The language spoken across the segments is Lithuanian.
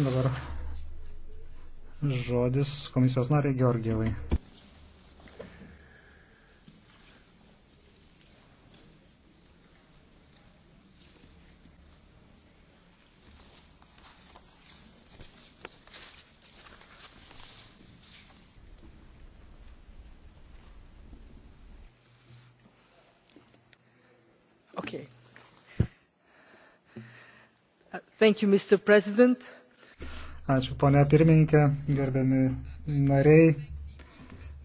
Dabar žodis komisijos nariai Georgievai. Uh, mr president Ačiū, ponia pirmininkė, gerbiami nariai.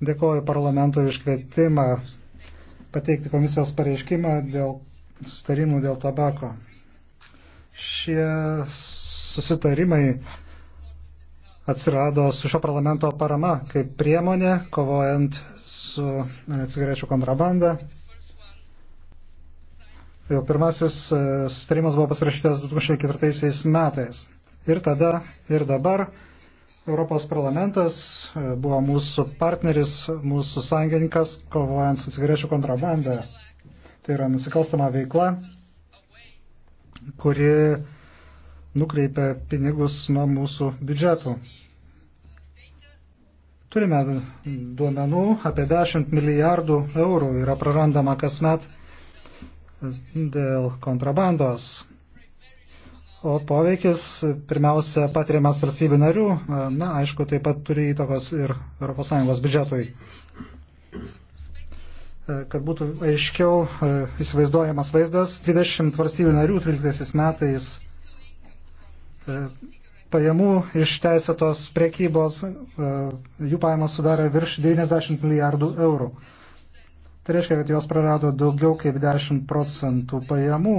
Dėkoju parlamentui už kvietimą pateikti komisijos pareiškimą dėl sustarimų dėl tabako. Šie susitarimai atsirado su šio parlamento parama kaip priemonė, kovojant su cigarečių kontrabanda. Jau pirmasis sustarimas buvo pasirašytas 2004 metais. Ir tada ir dabar Europos parlamentas e, buvo mūsų partneris, mūsų sąjungininkas, kovojant su cigarečių kontrabanda. Tai yra nusikalstama veikla, kuri nukreipia pinigus nuo mūsų biudžetų. Turime duomenų, apie 10 milijardų eurų yra prarandama kasmet dėl kontrabandos. O poveikis pirmiausia patiriamas valstybių narių, na, aišku, taip pat turi įtakos ir ES biudžetui. Kad būtų aiškiau e, įsivaizduojamas vaizdas, 20 valstybių narių 13 metais e, pajamų iš teisėtos priekybos, e, jų pajamos sudarė virš 90 milijardų eurų. Tai reiškia, kad jos prarado daugiau kaip 10 procentų pajamų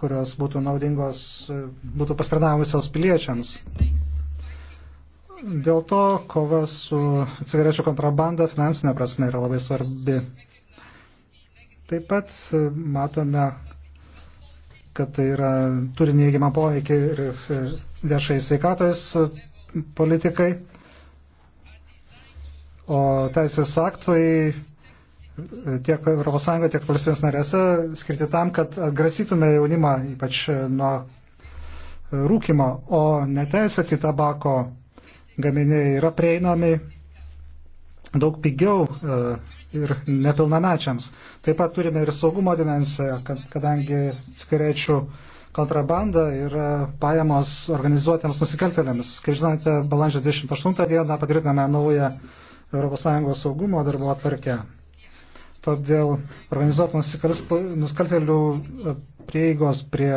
kurios būtų naudingos, būtų pastarnavusios piliečiams. Dėl to kova su cigarečių kontrabanda finansinė prasme yra labai svarbi. Taip pat matome, kad tai yra, turi neįgimą poveikį ir viešai sveikatos politikai, o teisės aktai tiek ES, tiek valstybės narėse skirti tam, kad atgrasytume jaunimą ypač e, nuo rūkimo, o neteisėti tabako gaminiai yra prieinami daug pigiau e, ir nepilnamečiams. Taip pat turime ir saugumo dimensiją, kad, kadangi cigarečių kontrabanda ir pajamos organizuotėms nusikaltėliams. Kaip žinote, balandžio 28 dieną patvirtiname naują ES saugumo darbo atvarkę. Todėl organizuotų nusikaltelių prieigos prie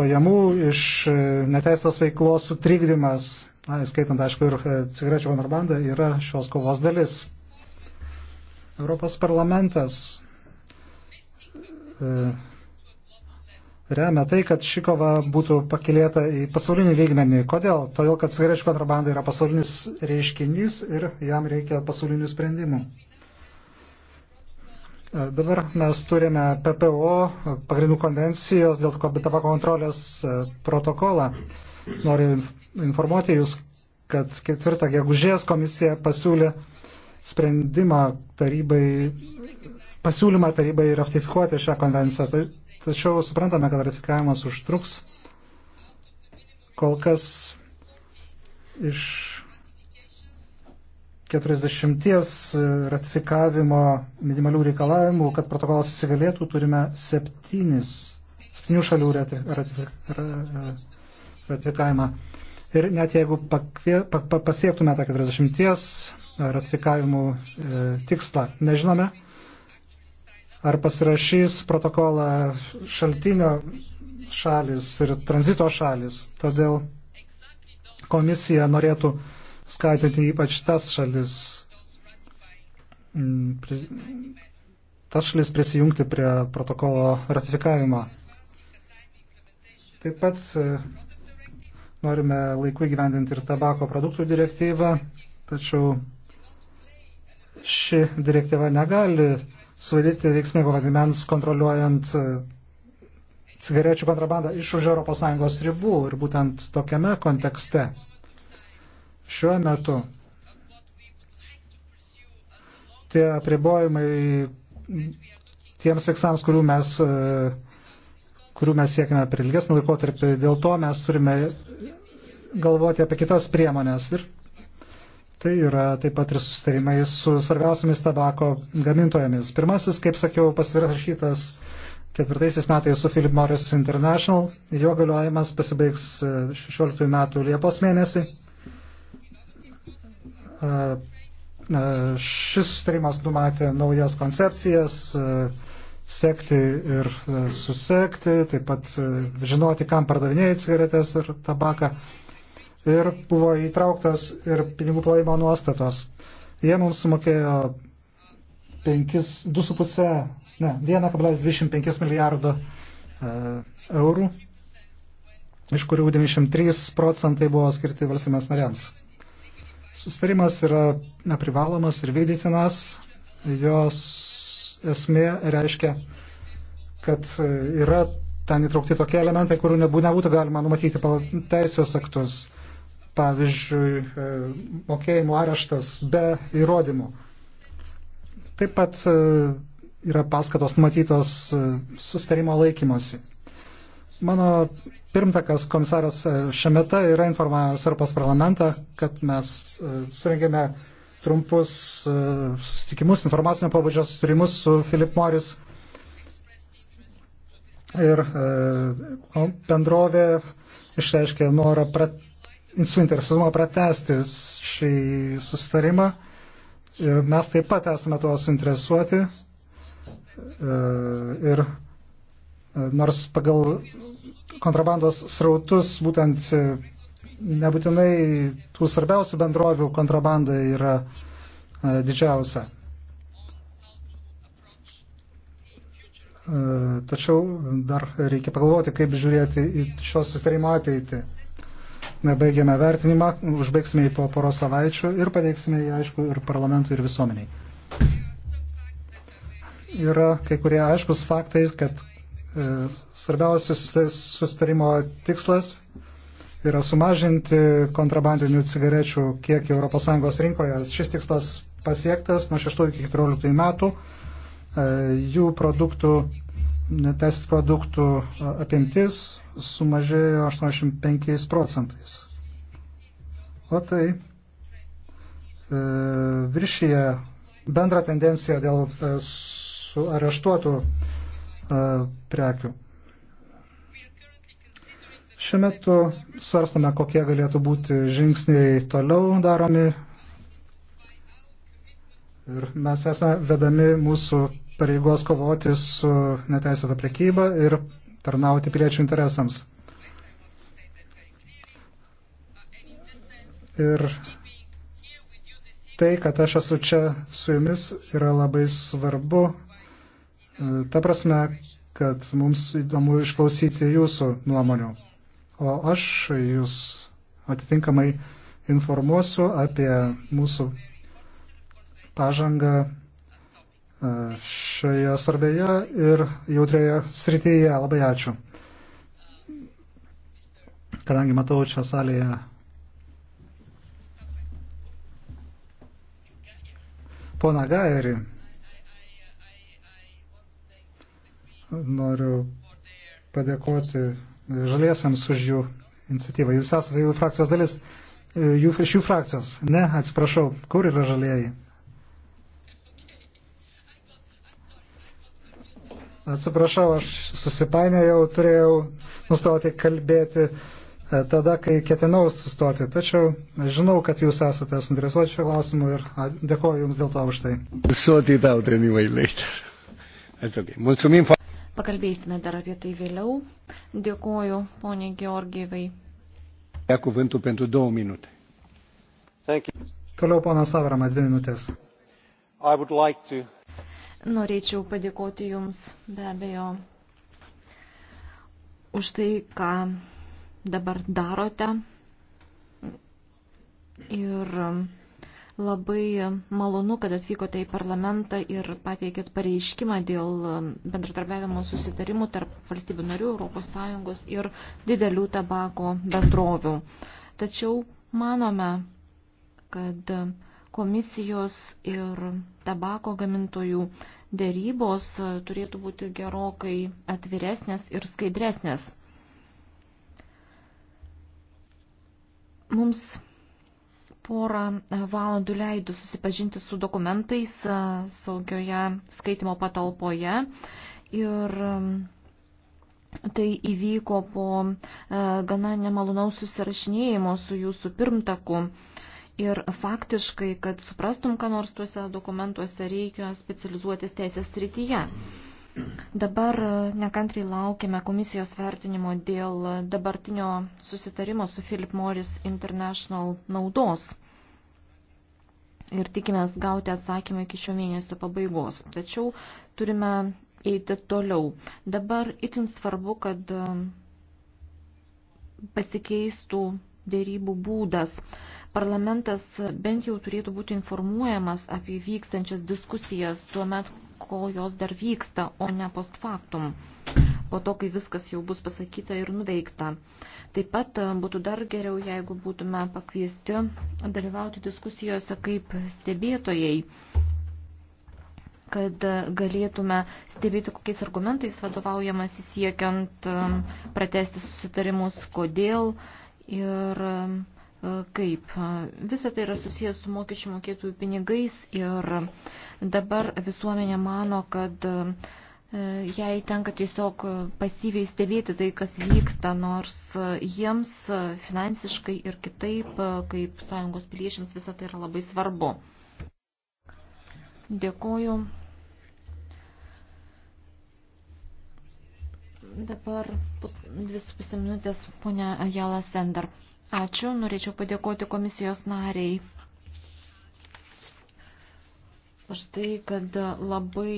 pajamų iš e, neteisės veiklos sutrikdymas, na, skaitant, aišku, ir e, cigarečių kontrabandą, yra šios kovos dalis. Europos parlamentas e, remia tai, kad ši kova būtų pakilėta į pasaulinį lygmenį. Kodėl? Todėl, kad cigarečių kontrabanda yra pasaulinis reiškinys ir jam reikia pasaulinių sprendimų. E, dabar mes turime PPO pagrindų konvencijos dėl tabako kontrolės e, protokolą. Noriu informuoti Jūs, kad ketvirtą gegužės komisija pasiūlė sprendimą tarybai, pasiūlymą tarybai ratifikuoti šią konvenciją. Tačiau suprantame, kad ratifikavimas užtruks. Kol kas iš 40 ratifikavimo minimalių reikalavimų, kad protokolas įsigalėtų, turime 7, 7 šalių ratifikavimą. Ir net jeigu pakvie, pa, pa, pasiektume tą 40 ratifikavimų e, tikslą, nežinome, ar pasirašys protokolą šaltinio šalis ir tranzito šalis. Todėl komisija norėtų skatinti ypač tas šalis, mm, tas šalis prisijungti prie protokolo ratifikavimo. Taip pat e, norime laiku įgyvendinti ir tabako produktų direktyvą, tačiau ši direktyva negali suvaidyti veiksmingo vadimens kontroliuojant e, cigarečių kontrabandą iš už ES ribų ir būtent tokiame kontekste Šiuo metu tie apribojimai tiems veiksams, kurių mes, e, kurių mes siekime per ilgesnį laikotarpį, dėl to mes turime galvoti apie kitas priemonės. Ir tai yra taip pat ir sustarimai su svarbiausiamis tabako gamintojomis. Pirmasis, kaip sakiau, pasirašytas ketvirtaisiais metais su Philip Morris International, jo galiojimas pasibaigs 16 e, metų Liepos mėnesį. Šis sustarimas numatė naujas koncepcijas, sekti ir susekti, taip pat žinoti, kam pardavinėjai cigaretės ir tabaką. Ir buvo įtrauktas ir pinigų plovimo nuostatos. Jie mums sumokėjo 2,5, ne, 1,25 milijardo eurų, iš kurių 93 procentai buvo skirti valstybės nariams. Sustarimas yra neprivalomas ir vykdytinas. Jos esmė reiškia, kad yra ten įtraukti tokie elementai, kurių nebūtų galima numatyti teisės aktus. Pavyzdžiui, e, mokėjimo areštas be įrodymų. Taip pat e, yra paskatos numatytos e, sustarimo laikymosi. Mano pirmtakas komisaras e, Šemeta yra informavęs Europos parlamentą, kad mes e, surengėme trumpus e, susitikimus, informacinio pabudžio susitikimus su Philip Morris ir bendrovė išreiškė norą prat, suinteresavimą pratesti šį susitarimą. Ir mes taip pat esame tuo suinteresuoti. Ir nors pagal kontrabandos srautus būtent e, nebūtinai tų svarbiausių bendrovių kontrabanda yra e, didžiausia. E, tačiau dar reikia pagalvoti, kaip žiūrėti į šios sustarimo ateitį. Nebaigėme vertinimą, užbaigsime jį po poros savaičių ir pateiksime jį, aišku, ir parlamentui, ir visuomeniai. Yra kai kurie aiškus faktai, kad E, svarbiausias sustarimo tikslas yra sumažinti kontrabandinių cigarečių kiekį ES rinkoje. Šis tikslas pasiektas nuo 6 iki 14 metų. E, jų produktų, teisės produktų e, apimtis sumažėjo 85 procentais. O tai e, viršyje bendrą tendenciją dėl e, areštuotų E, prekių. Šiuo metu svarstame, kokie galėtų būti žingsniai toliau daromi. Ir mes esame vedami mūsų pareigos kovoti su neteisėta prekyba ir tarnauti piliečių interesams. Ir tai, kad aš esu čia su jumis, yra labai svarbu Ta prasme, kad mums įdomu išklausyti jūsų nuomonių. O aš jūs atitinkamai informuosiu apie mūsų pažangą e, šioje svarbėje ir jautrioje srityje. Labai ačiū. Kadangi matau čia salėje poną Gairį, Noriu padėkoti žaliesiams už jų iniciatyvą. Jūs esate jų frakcijos dalis. E, jų, iš jų frakcijos. Ne, atsiprašau. Kur yra žalieji? Atsiprašau, aš susipainėjau, turėjau nustoti kalbėti e, tada, kai ketinau sustoti. Tačiau žinau, kad jūs esate suinteresuoti šio klausimu ir dėkoju Jums dėl to už tai. Sort it out anyway later. That's okay. Mulțumim. Pakalbėsime dar apie tai vėliau. Dėkoju poniai Georgievai. Cuvântul pentru două minute. Thank you. Toliau ponas Avrama, dvi minutės. I would like to... Norėčiau padėkoti Jums be abejo už tai, ką dabar darote. Ir Labai malonu, kad atvykote į parlamentą ir pateikėt pareiškimą dėl bendratarbiavimo susitarimų tarp valstybių narių, ES ir didelių tabako bendrovių. Tačiau manome, kad komisijos ir tabako gamintojų dėrybos turėtų būti gerokai atviresnės ir skaidresnės. Mums porą valandų leido susipažinti su dokumentais saugioje skaitimo patalpoje ir tai įvyko po gana nemalonaus susirašinėjimo su jūsų pirmtaku. Ir faktiškai, kad suprastum, ką nors tuose dokumentuose reikia specializuotis teisės srityje. Dabar e, nekantriai laukiame komisijos vertinimo dėl dabartinio susitarimo su Philip Morris International naudos. Ir tikimės gauti atsakymą iki šio mėnesio pabaigos. Tačiau turime eiti toliau. Dabar itin svarbu, kad e, pasikeistų dėrybų būdas. Parlamentas bent jau turėtų būti informuojamas apie vykstančias diskusijas tuo metu, kol jos dar vyksta, o ne post factum, po to, kai viskas jau bus pasakyta ir nuveikta. Taip pat e, būtų dar geriau, jeigu būtume pakviesti dalyvauti diskusijose kaip stebėtojai kad e, galėtume stebėti, kokiais argumentais vadovaujamas įsiekiant e, pratesti susitarimus, kodėl ir E, kaip? E, visa tai yra susijęs su mokesčių mokėtųjų pinigais ir dabar visuomenė mano, kad e, jai tenka tiesiog pasyviai stebėti tai, kas vyksta, nors jiems finansiškai ir kitaip, kaip sąjungos piliečiams, visa tai yra labai svarbu. Dėkuoju. Dabar dvi su pusė minutės, ponia Jala Sender. Ačiū, norėčiau padėkoti komisijos nariai. Už tai, kad labai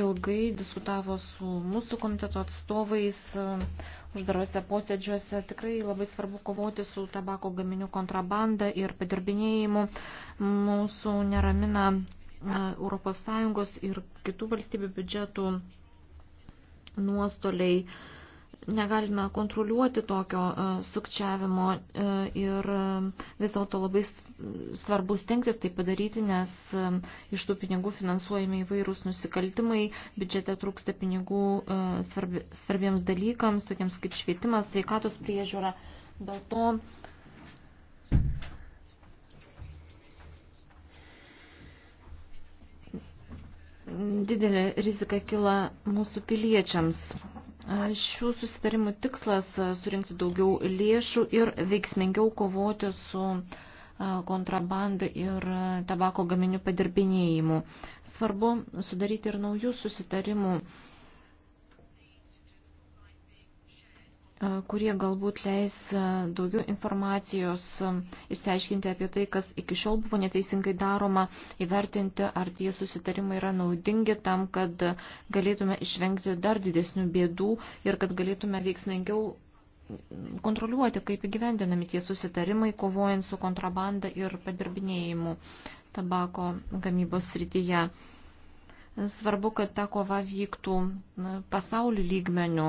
ilgai diskutavo su mūsų komiteto atstovais e, uždarose posėdžiuose. Tikrai labai svarbu kovoti su tabako gaminių kontrabanda ir padirbinėjimu. Mūsų neramina ES ir kitų valstybių biudžetų nuostoliai negalime kontroliuoti tokio e, sukčiavimo e, ir e, vis dėlto labai svarbu stengtis tai padaryti, nes iš tų pinigų finansuojami įvairūs nusikaltimai, biudžete trūksta pinigų svarbi, svarbiems dalykams, tokiems kaip švietimas, sveikatos priežiūra. Dėl to didelė rizika kila mūsų piliečiams. Šių susitarimų tikslas surinkti daugiau lėšų ir veiksmingiau kovoti su kontrabanda ir tabako gaminių padirbinėjimu. Svarbu sudaryti ir naujų susitarimų kurie galbūt leis daugiau informacijos išsiaiškinti apie tai, kas iki šiol buvo neteisingai daroma, įvertinti, ar tie susitarimai yra naudingi tam, kad galėtume išvengti dar didesnių bėdų ir kad galėtume veiksmingiau kontroliuoti, kaip įgyvendinami tie susitarimai, kovojant su kontrabanda ir padirbinėjimu tabako gamybos srityje. Svarbu, kad ta kova vyktų pasaulių lygmenių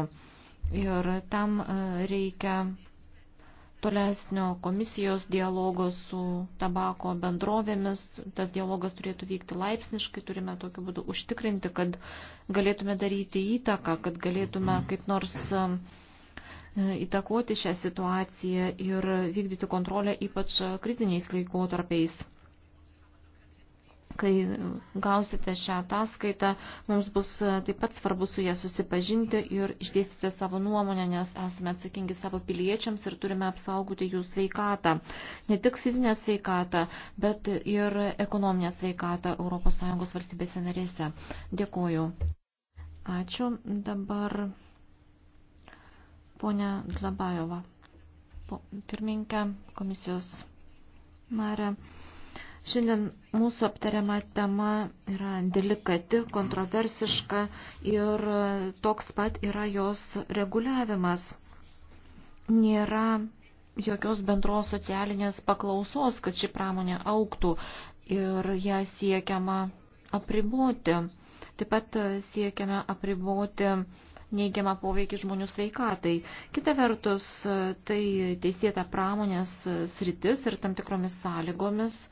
Ir tam e, reikia tolesnio komisijos dialogo su tabako bendrovėmis. Tas dialogas turėtų vykti laipsniškai, turime tokiu būdu užtikrinti, kad galėtume daryti įtaką, kad galėtume kaip nors e, įtakoti šią situaciją ir vykdyti kontrolę ypač kriziniais laikotarpiais. Kai gausite šią ataskaitą, mums bus e, taip pat svarbu su ją susipažinti ir išdėstyti savo nuomonę, nes esame atsakingi savo piliečiams ir turime apsaugoti jų sveikatą. Ne tik fizinę sveikatą, bet ir ekonominę sveikatą ES valstybėse narėse. Dėkuoju. Ačiū. Dabar ponia Dlabajova, pirmininkė komisijos narė. Šiandien mūsų aptariama tema yra delikati, kontroversiška ir toks pat yra jos reguliavimas. Nėra jokios bendros socialinės paklausos, kad ši pramonė auktų ir ją siekiama apriboti. Taip pat siekiame apriboti neigiamą poveikį žmonių sveikatai. Kita vertus, tai teisėta pramonės sritis ir tam tikromis sąlygomis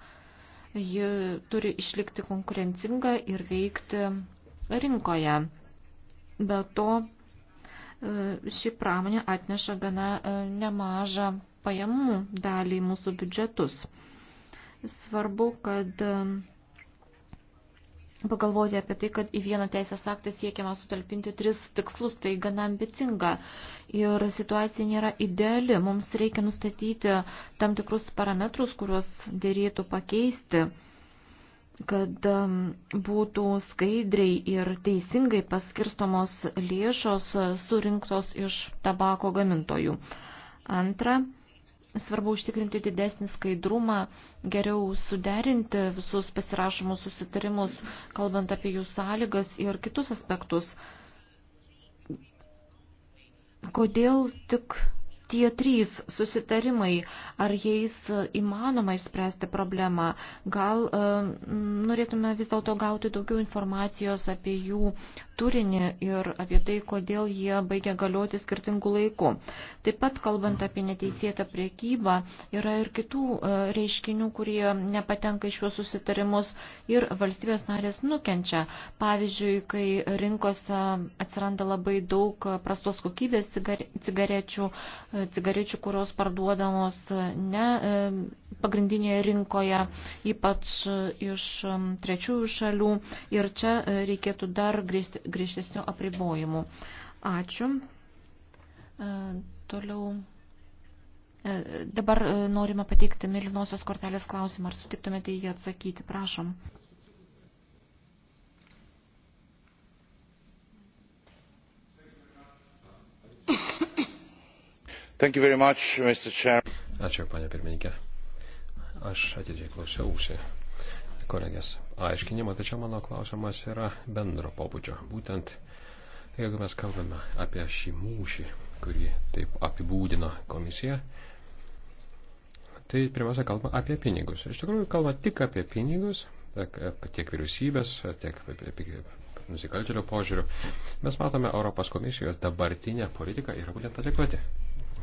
Ji turi išlikti konkurencinga ir veikti rinkoje. Be to, e, ši pramonė atneša gana e, nemažą pajamų dalį mūsų biudžetus. Svarbu, kad pagalvoti apie tai, kad į vieną teisės aktą siekiama sutalpinti tris tikslus, tai gana ambicinga. Ir situacija nėra ideali. Mums reikia nustatyti tam tikrus parametrus, kuriuos dėrėtų pakeisti kad um, būtų skaidriai ir teisingai paskirstomos lėšos surinktos iš tabako gamintojų. Antra, Svarbu užtikrinti didesnį skaidrumą, geriau suderinti visus pasirašomus susitarimus, kalbant apie jų sąlygas ir kitus aspektus. Kodėl tik tie trys susitarimai, ar jais įmanoma išspręsti problemą? Gal e, norėtume vis dėlto gauti daugiau informacijos apie jų turinį ir apie tai, kodėl jie baigia galioti skirtingų laikų. Taip pat, kalbant apie neteisėtą priekybą, yra ir kitų e, reiškinių, kurie nepatenka į šiuos susitarimus ir valstybės narės nukenčia. Pavyzdžiui, kai rinkose atsiranda labai daug prastos kokybės cigarečių, e, cigarečių, kurios parduodamos ne e, pagrindinėje rinkoje, ypač e, iš e, trečiųjų šalių. Ir čia reikėtų dar griežtesnių apribojimų. Ačiū. Toliau. Dabar norime pateikti mėlynosios kortelės klausimą. Ar sutiktumėte jį atsakyti? Prašom. Much, Ačiū, panė pirmininkė. Aš atidžiai klausiausi kolegės aiškinimo, tačiau mano klausimas yra bendro pobūdžio. Būtent, jeigu mes kalbame apie šį mūšį, kurį taip apibūdino komisija, tai pirmiausia kalba apie pinigus. Iš tikrųjų, kalba tik apie pinigus, tiek vyriausybės, tiek nusikaltėlio požiūrių. Mes matome Europos komisijos dabartinę politiką yra būtent adekvati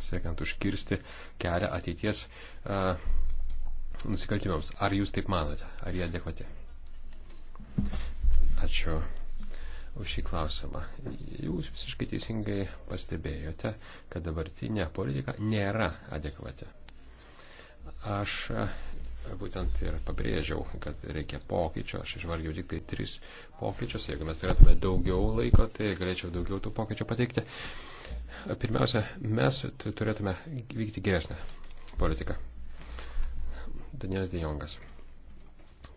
siekiant užkirsti kelią ateities uh, nusikaltimams. Ar jūs taip manote? Ar jie adekvati? Ačiū už šį klausimą. Jūs visiškai teisingai pastebėjote, kad dabartinė politika nėra adekvati. Aš būtent ir pabrėžiau, kad reikia pokyčio. Aš išvargiau tik tai tris pokyčius. Jeigu mes turėtume daugiau laiko, tai galėčiau daugiau tų pokyčių pateikti. Pirmiausia, mes turėtume vykti geresnę politiką. Danielis Dejongas.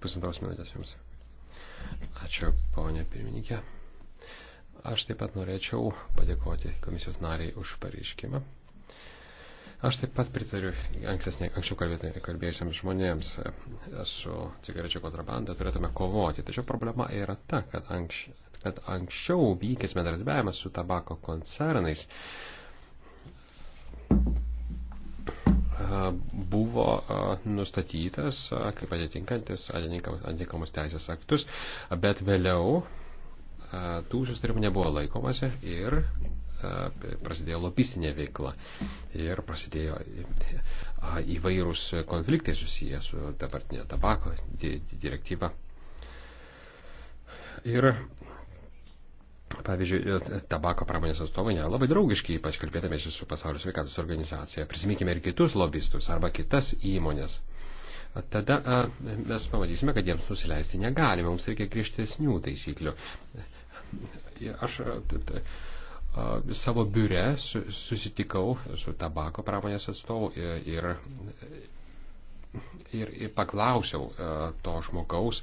Pusantros minutės jums. Ačiū, ponė pirmininkė. Aš taip pat norėčiau padėkoti komisijos nariai už pareiškimą. Aš taip pat pritariu ankstesnė, anksčiau kalbėjusiems žmonėms su cigarečių kontrabanda turėtume kovoti. Tačiau problema yra ta, kad, anks, kad anksčiau vykęs bendradarbiavimas su tabako koncernais buvo nustatytas kaip atitinkantis atitinkamus teisės aktus, bet vėliau tų susitarimų nebuvo laikomasi ir prasidėjo lopistinė veikla ir prasidėjo įvairūs konfliktai susiję su dabartinė tabako direktyva. Ir Pavyzdžiui, tabako pramonės atstovai nėra labai draugiški, ypač kalbėdamėsi su pasaulio sveikatos organizacija. Prisiminkime ir kitus lobistus arba kitas įmonės tada a, mes pamatysime, kad jiems nusileisti negalime, mums reikia griežtesnių taisyklių. Aš savo biure susitikau su tabako pramonės atstovu ir, ir, ir paklausiau to žmogaus,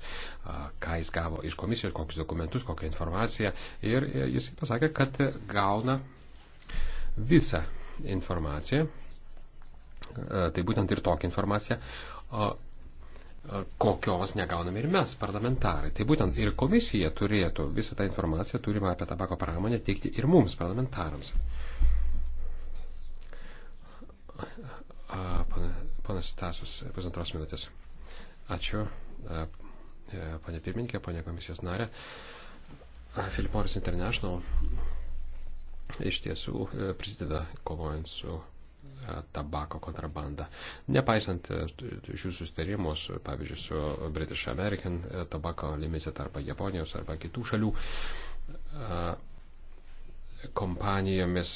ką jis gavo iš komisijos, kokius dokumentus, kokią informaciją. Ir jis pasakė, kad gauna visą informaciją, tai būtent ir tokią informaciją, kokios negauname ir mes, parlamentarai. Tai būtent ir komisija turėtų visą tą informaciją turimą apie tabako pramonę teikti ir mums, parlamentarams. Panas Stasus, pusantros minutės. Ačiū, e, panė pirmininkė, panė komisijos narė. Philip Morris International iš tiesų e, prisideda kovojant su E, tabako kontrabandą. Nepaisant e, šių sustarimus, pavyzdžiui, su British American e, tabako limited arba Japonijos arba kitų šalių kompanijomis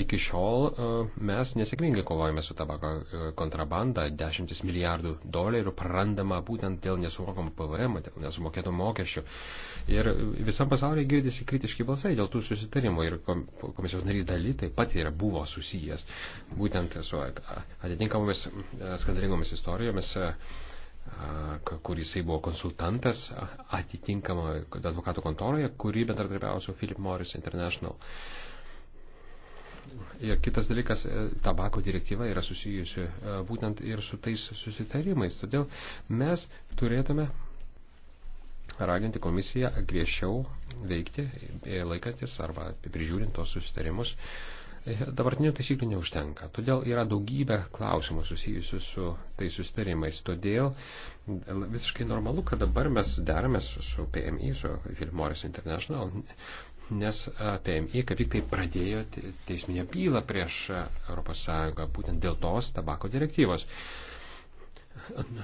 Iki šiol e, mes nesėkmingai kovojame su tabako e, kontrabanda, dešimtis milijardų dolerių prarandama būtent dėl nesumokamų PVM, dėl nesumokėtų mokesčių. Ir visam pasaulyje girdisi kritiški balsai dėl tų susitarimų ir komisijos narys daly taip pat yra buvo susijęs būtent su atitinkamomis e, skandalingomis istorijomis kur jisai buvo konsultantas atitinkamo advokatų kontoroje, kuri bendradarbiavo su Philip Morris International. Uh, Ir kitas dalykas, e, tabako direktyva yra susijusi e, būtent ir su tais susitarimais. Todėl mes turėtume raginti komisiją griežčiau veikti, e, laikantis arba prižiūrint tos susitarimus. Dabartinių taisyklių neužtenka. Todėl yra daugybė klausimų susijusių su tais susitarimais. Todėl visiškai normalu, kad dabar mes deramės su PMI, su Philip Morris International nes PMI kaip tik tai pradėjo teisminę bylą prieš ES būtent dėl tos tabako direktyvos.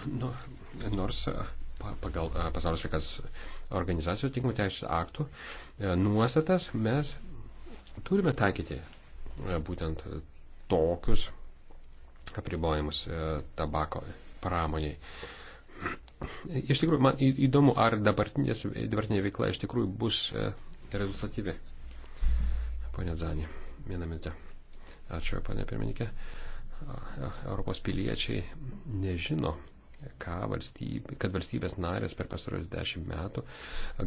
Nu, nors pagal pasaulio sveikatos organizacijos tinkamų teisės aktų nuostatas mes turime taikyti būtent tokius apribojimus tabako pramoniai. Iš tikrųjų, man įdomu, ar dabartinė veikla iš tikrųjų bus rezultatyvi. Pone Zanė, vieną minutę. Ačiū, pane pirmininkė. Europos piliečiai nežino, valstybė, kad valstybės narės per pastarojus dešimt metų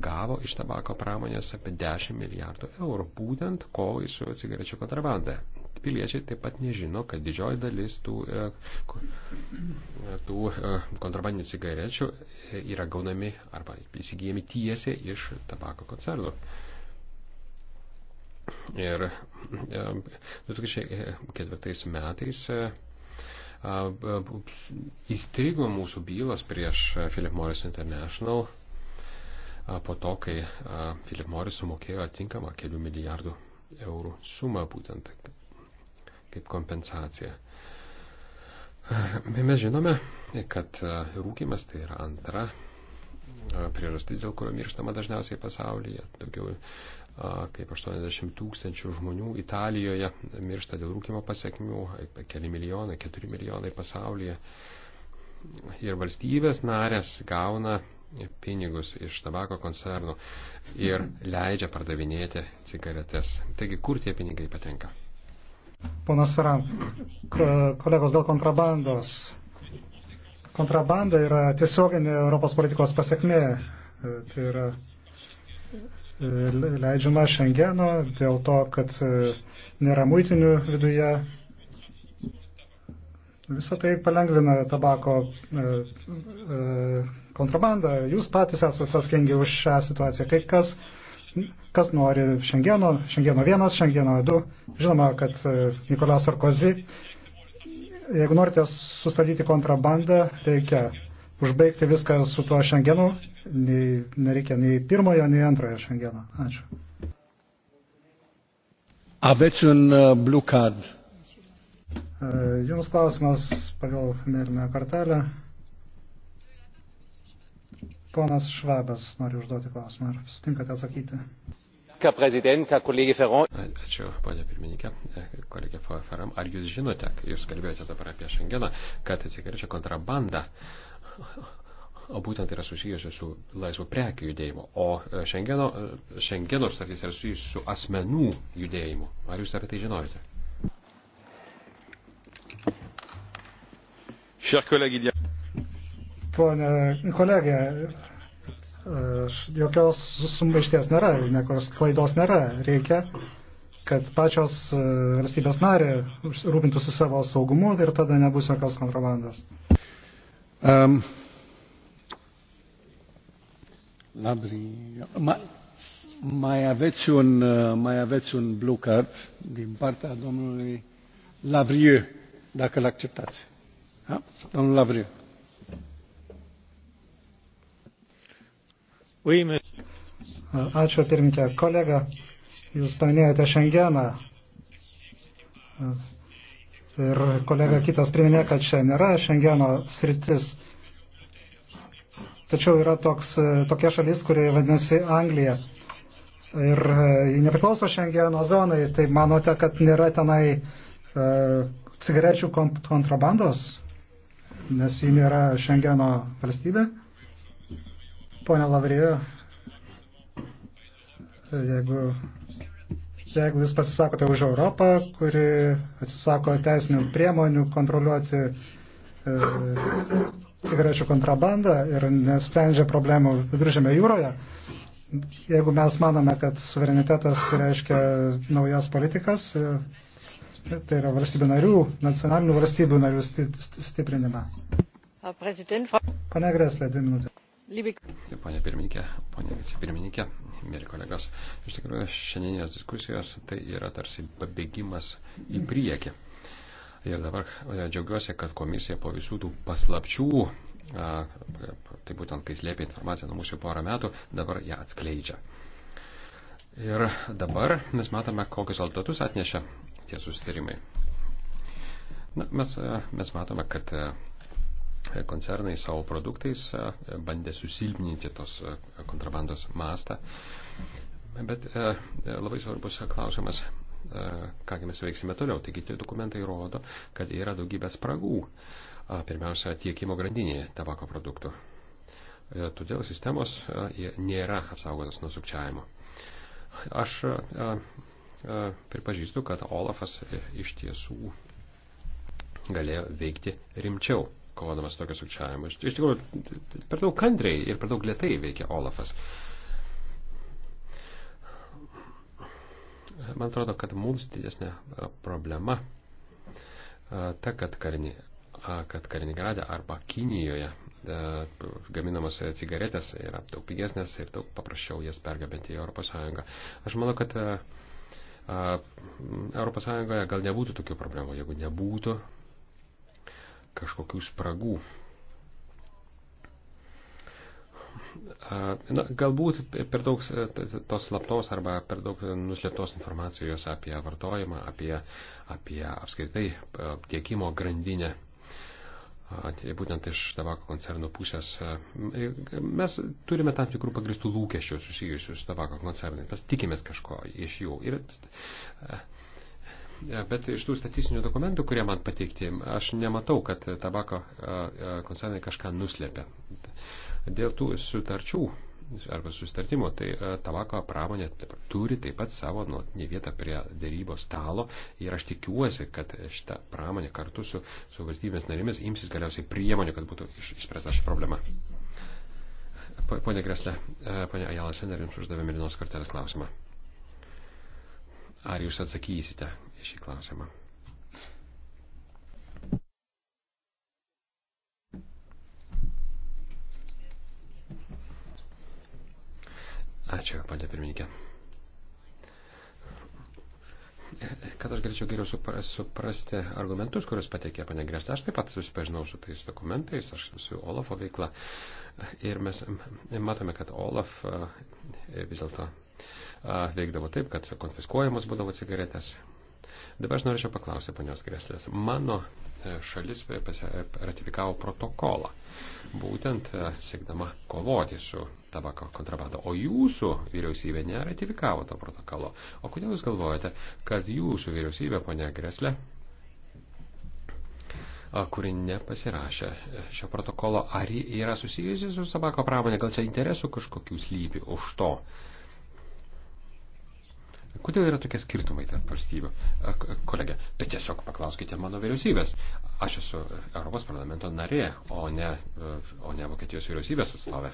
gavo iš tabako pramonės apie 10 milijardų eurų, būtent kovai su cigarečių kontrabanda. Piliečiai taip pat nežino, kad didžioji dalis tų, e, e, tų e, kontrabandinių cigarečių yra gaunami arba įsigijami tiesiai iš tabako koncernų. Ir 2004 e, metais e, įstrigo mūsų bylos prieš e, Philip Morris International po to, kai Philip Morris sumokėjo atinkamą kelių milijardų eurų sumą būtent kaip kompensacija. Mes žinome, kad rūkimas tai yra antra priežastis, dėl kurio mirštama dažniausiai pasaulyje. Daugiau kaip 80 tūkstančių žmonių Italijoje miršta dėl rūkimo pasiekmių, keli milijonai, keturi milijonai pasaulyje. Ir valstybės narės gauna pinigus iš tabako koncernų ir leidžia pardavinėti cigaretes. Taigi, kur tie pinigai patenka? Ponas Feram, kolegos dėl kontrabandos. Kontrabanda yra tiesioginė Europos politikos pasiekmė. E, tai yra leidžiama Šengeno dėl to, kad e, nėra muitinių viduje. Visą tai palengvina tabako e, e, kontrabandą. Jūs patys esate atsakingi už šią situaciją. Kai kas, kas nori Šengeno, Šengeno 1, Šengeno 2, žinoma, kad Nikolas Sarkozy. Jeigu norite sustabdyti kontrabandą, reikia užbaigti viską su tuo šengenu, nei, nereikia nei pirmojo, nei antrojo šengeno. Ačiū. Aveți un uh, blue card. E, jums klausimas pagal mėlyną kortelę. Ponas Švabas nori užduoti klausimą. Ar sutinkate atsakyti? Ačiū, ponė pirmininkė, e, kolegė Faram. Ar jūs žinote, kai jūs kalbėjote dabar apie Šengeną, kad atsikarčia kontrabanda? Uh, o būtent yra susijusi su laisvo prekių judėjimu, o Schengeno, e, Schengeno e, sutartys yra susijusi su asmenų judėjimu. Ar jūs apie tai žinojate? Pone kolegė, jokios sumbaišties nėra, jokios klaidos nėra. Reikia, kad pačios e, valstybės narė rūpintųsi savo saugumu ir tada nebus jokios kontrabandos. Um, mai, mai, aveți un, uh, mai aveți un blue card din partea domnului Lavrieux, dacă îl acceptați. Da? Domnul Lavrieux. Uh, ačiū pirmininkė. Kolega, jūs paminėjote Šengeną. Uh, Ir kolega kitas priminė, kad čia nėra Šengeno sritis. Tačiau yra toks, tokia šalis, kuri vadinasi Anglija. Ir e, ji nepriklauso Šengeno zonai. Tai manote, kad nėra tenai e, cigarečių kontrabandos, nes ji nėra Šengeno valstybė? Pone Lavrijo, jeigu jeigu jūs pasisakote už Europą, kuri atsisako teisinių priemonių kontroliuoti e, cigarečių kontrabandą ir nesprendžia problemų viduržėme jūroje, jeigu mes manome, kad suverenitetas reiškia naujas politikas, e, tai yra valstybių narių, nacionalinių valstybių narių stiprinimą. Pane Greslė, dvi minutės. Taip, ponė pirmininkė, ponė vicepirmininkė, mėly kolegos, iš tikrųjų šiandieninės diskusijos tai yra tarsi pabėgimas į priekį. Ir dabar e, džiaugiuosi, kad komisija po visų tų paslapčių, tai būtent kai slėpia informaciją nuo mūsų porą metų, dabar ją atskleidžia. Ir dabar mes matome, kokius rezultatus atnešė tie susitarimai. Na, mes, e, mes matome, kad e, E, koncernai savo produktais e, bandė susilpninti tos e, kontrabandos mastą. Bet labai svarbus klausimas, kągi mes veiksime toliau. Taigi tie dokumentai rodo, kad yra daugybė spragų, pirmiausia, tiekimo grandinėje tabako produktų. Todėl sistemos nėra apsaugotos nuo sukčiavimo. Aš pripažįstu, kad Olafas iš tiesų galėjo veikti rimčiau kovodamas tokio sukčiavimo. Iš tikrųjų, per daug kantriai ir per daug lietai veikia Olafas. Man atrodo, kad mums didesnė e, problema e, ta, kad, karini, kad Karinigradė arba Kinijoje e, gaminamos cigaretės yra daug pigesnės ir daug paprasčiau jas pergabinti į ES. Aš manau, kad ES gal nebūtų tokių problemų, jeigu nebūtų kažkokių spragų. Na, galbūt per daug tos slaptos arba per daug nuslėptos informacijos apie vartojimą, apie, apie apskaitai tiekimo grandinę, tai būtent iš tabako koncerno pusės. Mes turime tam tikrų pagristų lūkesčių susijusių su tabako koncernai, mes tikimės kažko iš jų. Ir Bet iš tų statistinių dokumentų, kurie man pateikti, aš nematau, kad tabako koncernai kažką nuslėpia. Dėl tų sutarčių arba sustartimo, tai tabako pramonė turi taip pat savo nu, ne vietą prie dėrybos stalo ir aš tikiuosi, kad šita pramonė kartu su, su valstybės narėmis imsis galiausiai priemonių, kad būtų išspręsta ši problema. Pone Greslė, pone Ajalas, šiandien jums uždavė Mirinos kortelės klausimą. Ar jūs atsakysite šį klausimą. Ačiū, padė pirmininkė. Kad aš galėčiau geriau suprasti argumentus, kuriuos pateikė panė Grėsta, aš taip pat susipažinau su tais dokumentais, aš su Olafo veikla. Ir mes matome, kad Olaf e, vis dėlto e, veikdavo taip, kad konfiskuojamos būdavo cigaretės, Dabar aš norėčiau paklausyti ponios Greslės. Mano e, šalis e, e, ratifikavo protokolą, būtent siekdama kovoti su tabako kontrabanda. O jūsų vyriausybė neratifikavo to protokolo. O kodėl jūs galvojate, kad jūsų vyriausybė, ponia Greslė, kuri nepasirašė šio protokolo, ar yra susijusi su tabako pramonė, gal čia interesų kažkokių slypi už to? Uh, Kodėl yra tokie skirtumai tarp valstybių, kolegė? Tai tiesiog paklauskite mano vyriausybės. Aš esu Europos parlamento narė, o ne, e, o ne Vokietijos vyriausybės atstovė.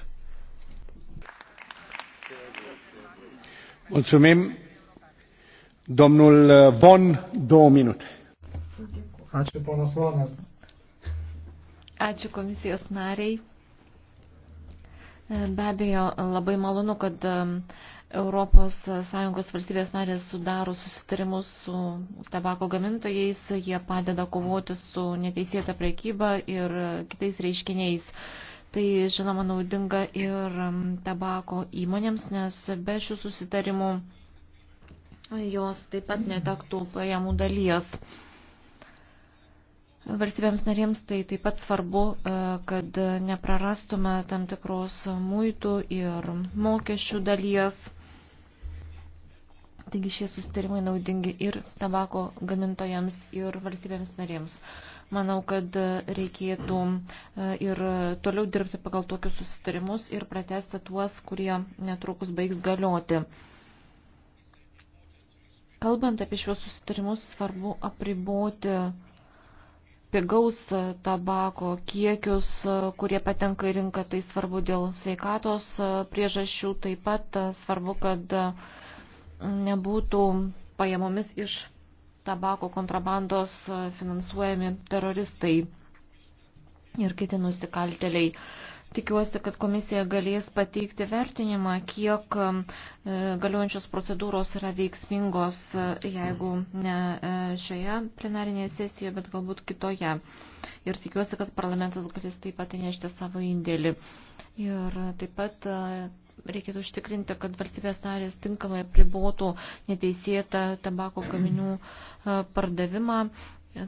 Mulțumim. Domnul e, Von, două minute. Ačiū, ponas Vonas. Ačiū komisijos nariai. E, be abejo, labai malonu, kad ES valstybės narės sudaro susitarimus su tabako gamintojais, jie padeda kovoti su neteisėta prekyba ir kitais reiškiniais. Tai, žinoma, naudinga ir tabako įmonėms, nes be šių susitarimų jos taip pat netektų pajamų dalies. Valstybėms narėms tai taip pat svarbu, e, kad neprarastume tam tikros muitų ir mokesčių dalies. Taigi šie sustarimai naudingi ir tabako gamintojams, ir valstybėms narėms. Manau, kad reikėtų e, ir toliau dirbti pagal tokius sustarimus ir pratesti tuos, kurie netrukus baigs galioti. Kalbant apie šios sustarimus, svarbu apriboti pigaus tabako kiekius, kurie patenka į rinką, tai svarbu dėl sveikatos priežasčių, taip pat svarbu, kad nebūtų pajamomis iš tabako kontrabandos finansuojami teroristai ir kiti nusikalteliai. Tikiuosi, kad komisija galės pateikti vertinimą, kiek e, galiojančios procedūros yra veiksmingos, e, jeigu ne e, šioje plenarinėje sesijoje, bet galbūt kitoje. Ir tikiuosi, kad parlamentas galės taip pat įnešti savo indėlį. Ir taip pat reikėtų užtikrinti, kad valstybės narės tinkamai pribotų neteisėtą tabako gaminių e, pardavimą.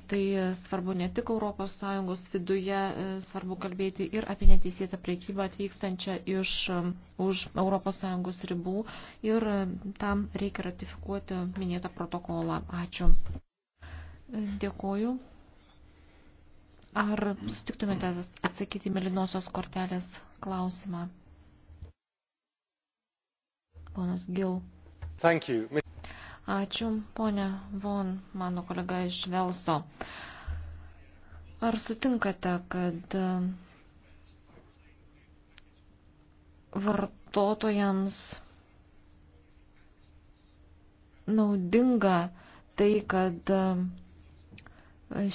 Tai svarbu ne tik ES viduje, e, svarbu kalbėti ir apie neteisėtą priekybą atvykstančią iš, e, už ES ribų ir tam reikia ratifikuoti minėtą protokolą. Ačiū. Dėkoju. Ar sutiktumėte atsakyti Melinosios kortelės klausimą? Ponas Gil. Thank you. Ačiū, ponė Von, mano kolega iš Velso. Ar sutinkate, kad e, vartotojams naudinga tai, kad e,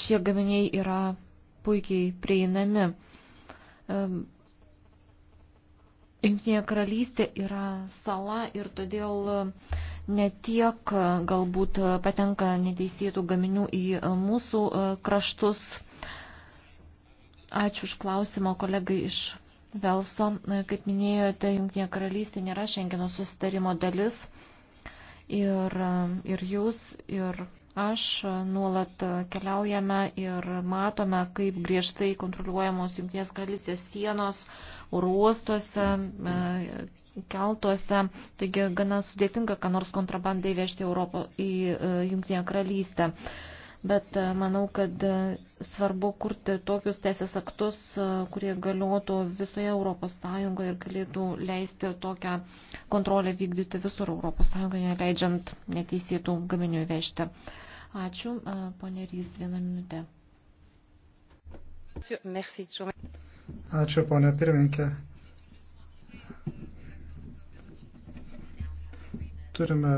šie gaminiai yra puikiai prieinami? E, Junktinėje karalystė yra sala ir todėl netiek galbūt patenka neteisėtų gaminių į mūsų e, kraštus. Ačiū už klausimą kolegai iš Velso. E, kaip minėjote, Junktinė karalystė nėra Šengeno susitarimo dalis. Ir, e, ir jūs, ir aš nuolat keliaujame ir matome, kaip griežtai kontroliuojamos Junktinės karalystės sienos, uostuose, e, keltuose. Taigi gana sudėtinga, ką nors kontrabandai vežti Europo, į e, Junktinę karalystę. Bet e, manau, kad svarbu kurti tokius teisės aktus, kurie galiotų visoje Europos Sąjungoje ir galėtų leisti tokią kontrolę vykdyti visur Europos Sąjungoje, leidžiant neteisėtų gaminių įvežti. Ačiū, ponė Rys, vieną minutę. Ačiū, ponė pirmininkė. Turime,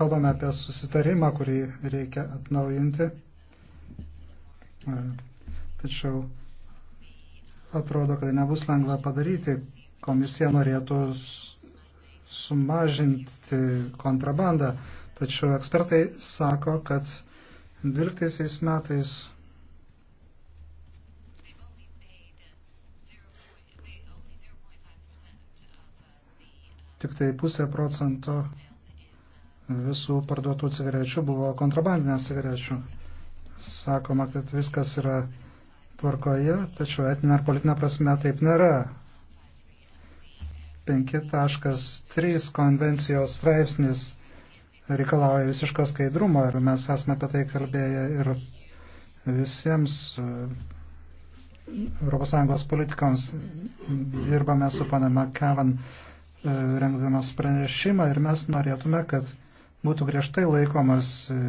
kalbame apie susitarimą, kurį reikia atnaujinti. Tačiau atrodo, kad nebus lengva padaryti. Komisija norėtų sumažinti kontrabandą. Tačiau ekspertai sako, kad 12 metais tik tai pusė procento visų parduotų cigarečių buvo kontrabandinės cigarečių. Sakoma, kad viskas yra tvarkoje, tačiau etinė ar politinė prasme taip nėra. 5.3 konvencijos straipsnis reikalauja visiško skaidrumo ir mes esame apie tai kalbėję ir visiems ES politikams dirbame su pana McKevan e, rengdamas pranešimą ir mes norėtume, kad būtų griežtai laikomas e,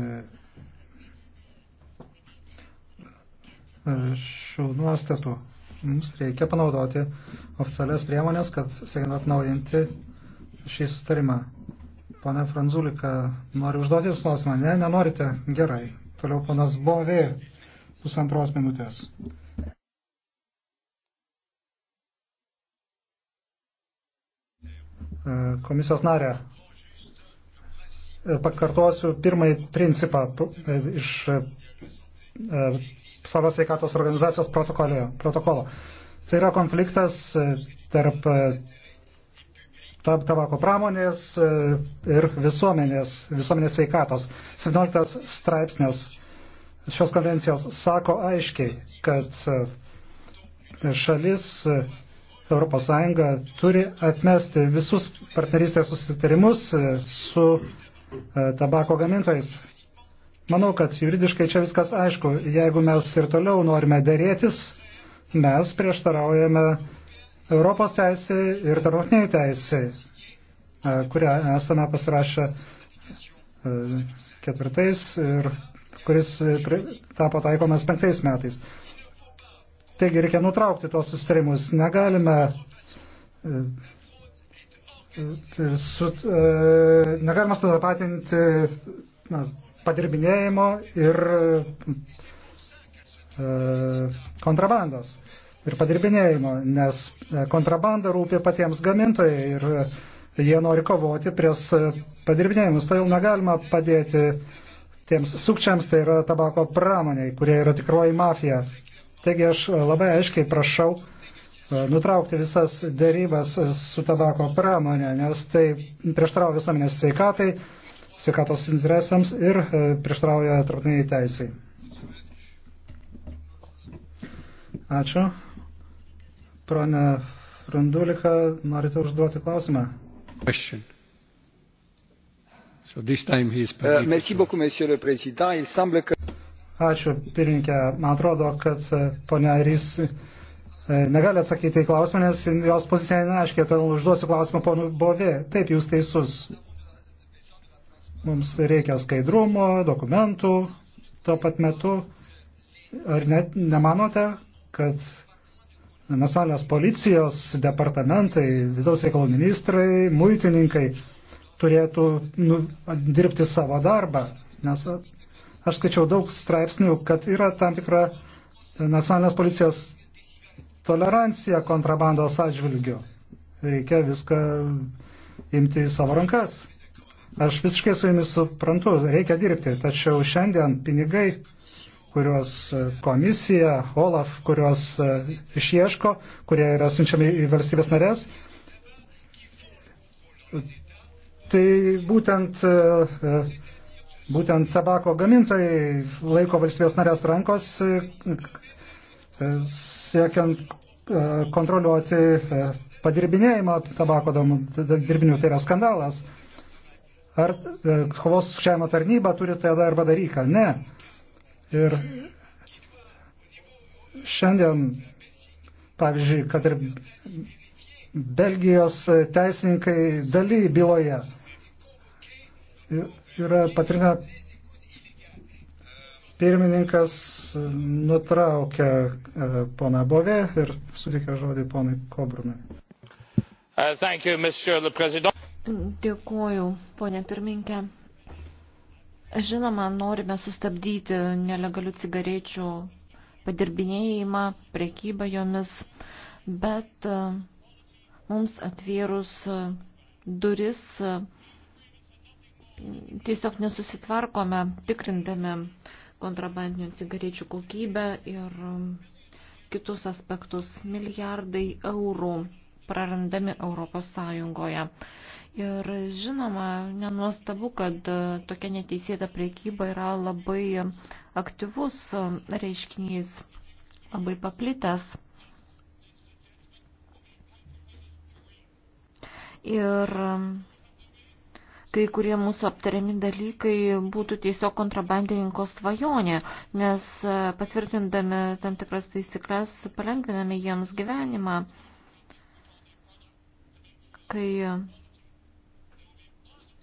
e, šių nuostatų. Mums reikia panaudoti oficialias priemonės, kad siekiant atnaujinti šį sutarimą. Pane Franzulika, noriu užduoti Jūs klausimą. Ne, nenorite. Gerai. Toliau panas Bovė, pusantros minutės. E, komisijos narė, e, pakartosiu pirmąjį principą e, iš savo sveikatos organizacijos protokolo. Tai yra konfliktas tarp tabako pramonės e, ir visuomenės, visuomenės veikatos. 17 straipsnės šios konvencijos sako aiškiai, kad e, šalis ES turi atmesti visus partnerystės susitarimus e, su tabako gamintojais. Manau, kad juridiškai čia viskas aišku. Jeigu mes ir toliau norime dėrėtis, mes prieštaraujame Europos teisė ir tarptautiniai teisė, e, kurią esame pasirašę e, ketvirtais ir kuris tapo taikomas penktais metais. Taigi reikia nutraukti tuos sustarimus. Negalime e, su, negalima sutapatinti na, padirbinėjimo ir kontrabandos ir padirbinėjimo, nes e, kontrabanda rūpi patiems gamintojai ir e, jie nori kovoti prieš e, padirbinėjimus. Todėl negalima padėti tiems sukčiams, tai yra tabako pramoniai, kurie yra tikroji mafija. Taigi aš labai aiškiai prašau nutraukti visas dėrybas su tabako pramonė, nes tai prieštarauja visuomenės sveikatai, sveikatos interesams ir prieštarauja tarptautiniai teisai. Ačiū. Prone Rundulika, norite užduoti klausimą? Question. So this time he is uh, Merci beaucoup, monsieur le président. Il semble que... Ačiū, pirmininkė. Man atrodo, kad uh, ponia Rys uh, negali atsakyti į klausimą, nes jos pozicija neaiškiai, todėl užduosiu klausimą ponu Bovė. Taip, jūs teisus. Mums reikia skaidrumo, dokumentų, tuo pat metu. Ar net nemanote, kad nacionalinės policijos departamentai, vidaus reikalų ministrai, muitininkai turėtų nu, dirbti savo darbą. Nes aš skaičiau daug straipsnių, kad yra tam tikra nacionalinės policijos tolerancija kontrabandos atžvilgiu. Reikia viską imti į savo rankas. Aš visiškai su jumis suprantu, reikia dirbti, tačiau šiandien pinigai kuriuos e, komisija, OLAF, kuriuos e, išieško, kurie yra siunčiami į valstybės narės. Tai būtent, e, būtent tabako gamintojai laiko valstybės narės rankos siekiant kontroliuoti padirbinėjimą tabako dirbinių. Tai yra skandalas. Ar kovos sukčiavimo tarnyba turi tą darbą daryką? Ne Ir šiandien, pavyzdžiui, kad ir Belgijos teisininkai daly byloje yra patrinę pirmininkas nutraukė e, poną Bovė ir sutikė žodį ponui Kobrunui. Uh, Dėkuoju, ponė pirmininkė. Žinoma, norime sustabdyti nelegalių cigarečių padirbinėjimą, prekybą jomis, bet e, mums atvėrus e, duris e, tiesiog nesusitvarkome, tikrindami kontrabandinių cigarečių kokybę ir kitus aspektus milijardai eurų prarandami Europos Sąjungoje. Ir žinoma, nenuostabu, kad e, tokia neteisėta priekyba yra labai aktyvus e, reiškinys, labai paplitęs. Ir e, kai kurie mūsų aptariami dalykai būtų tiesiog kontrabandininko svajonė, nes patvirtindami tam tikras taisyklės palengviname jiems gyvenimą. Kai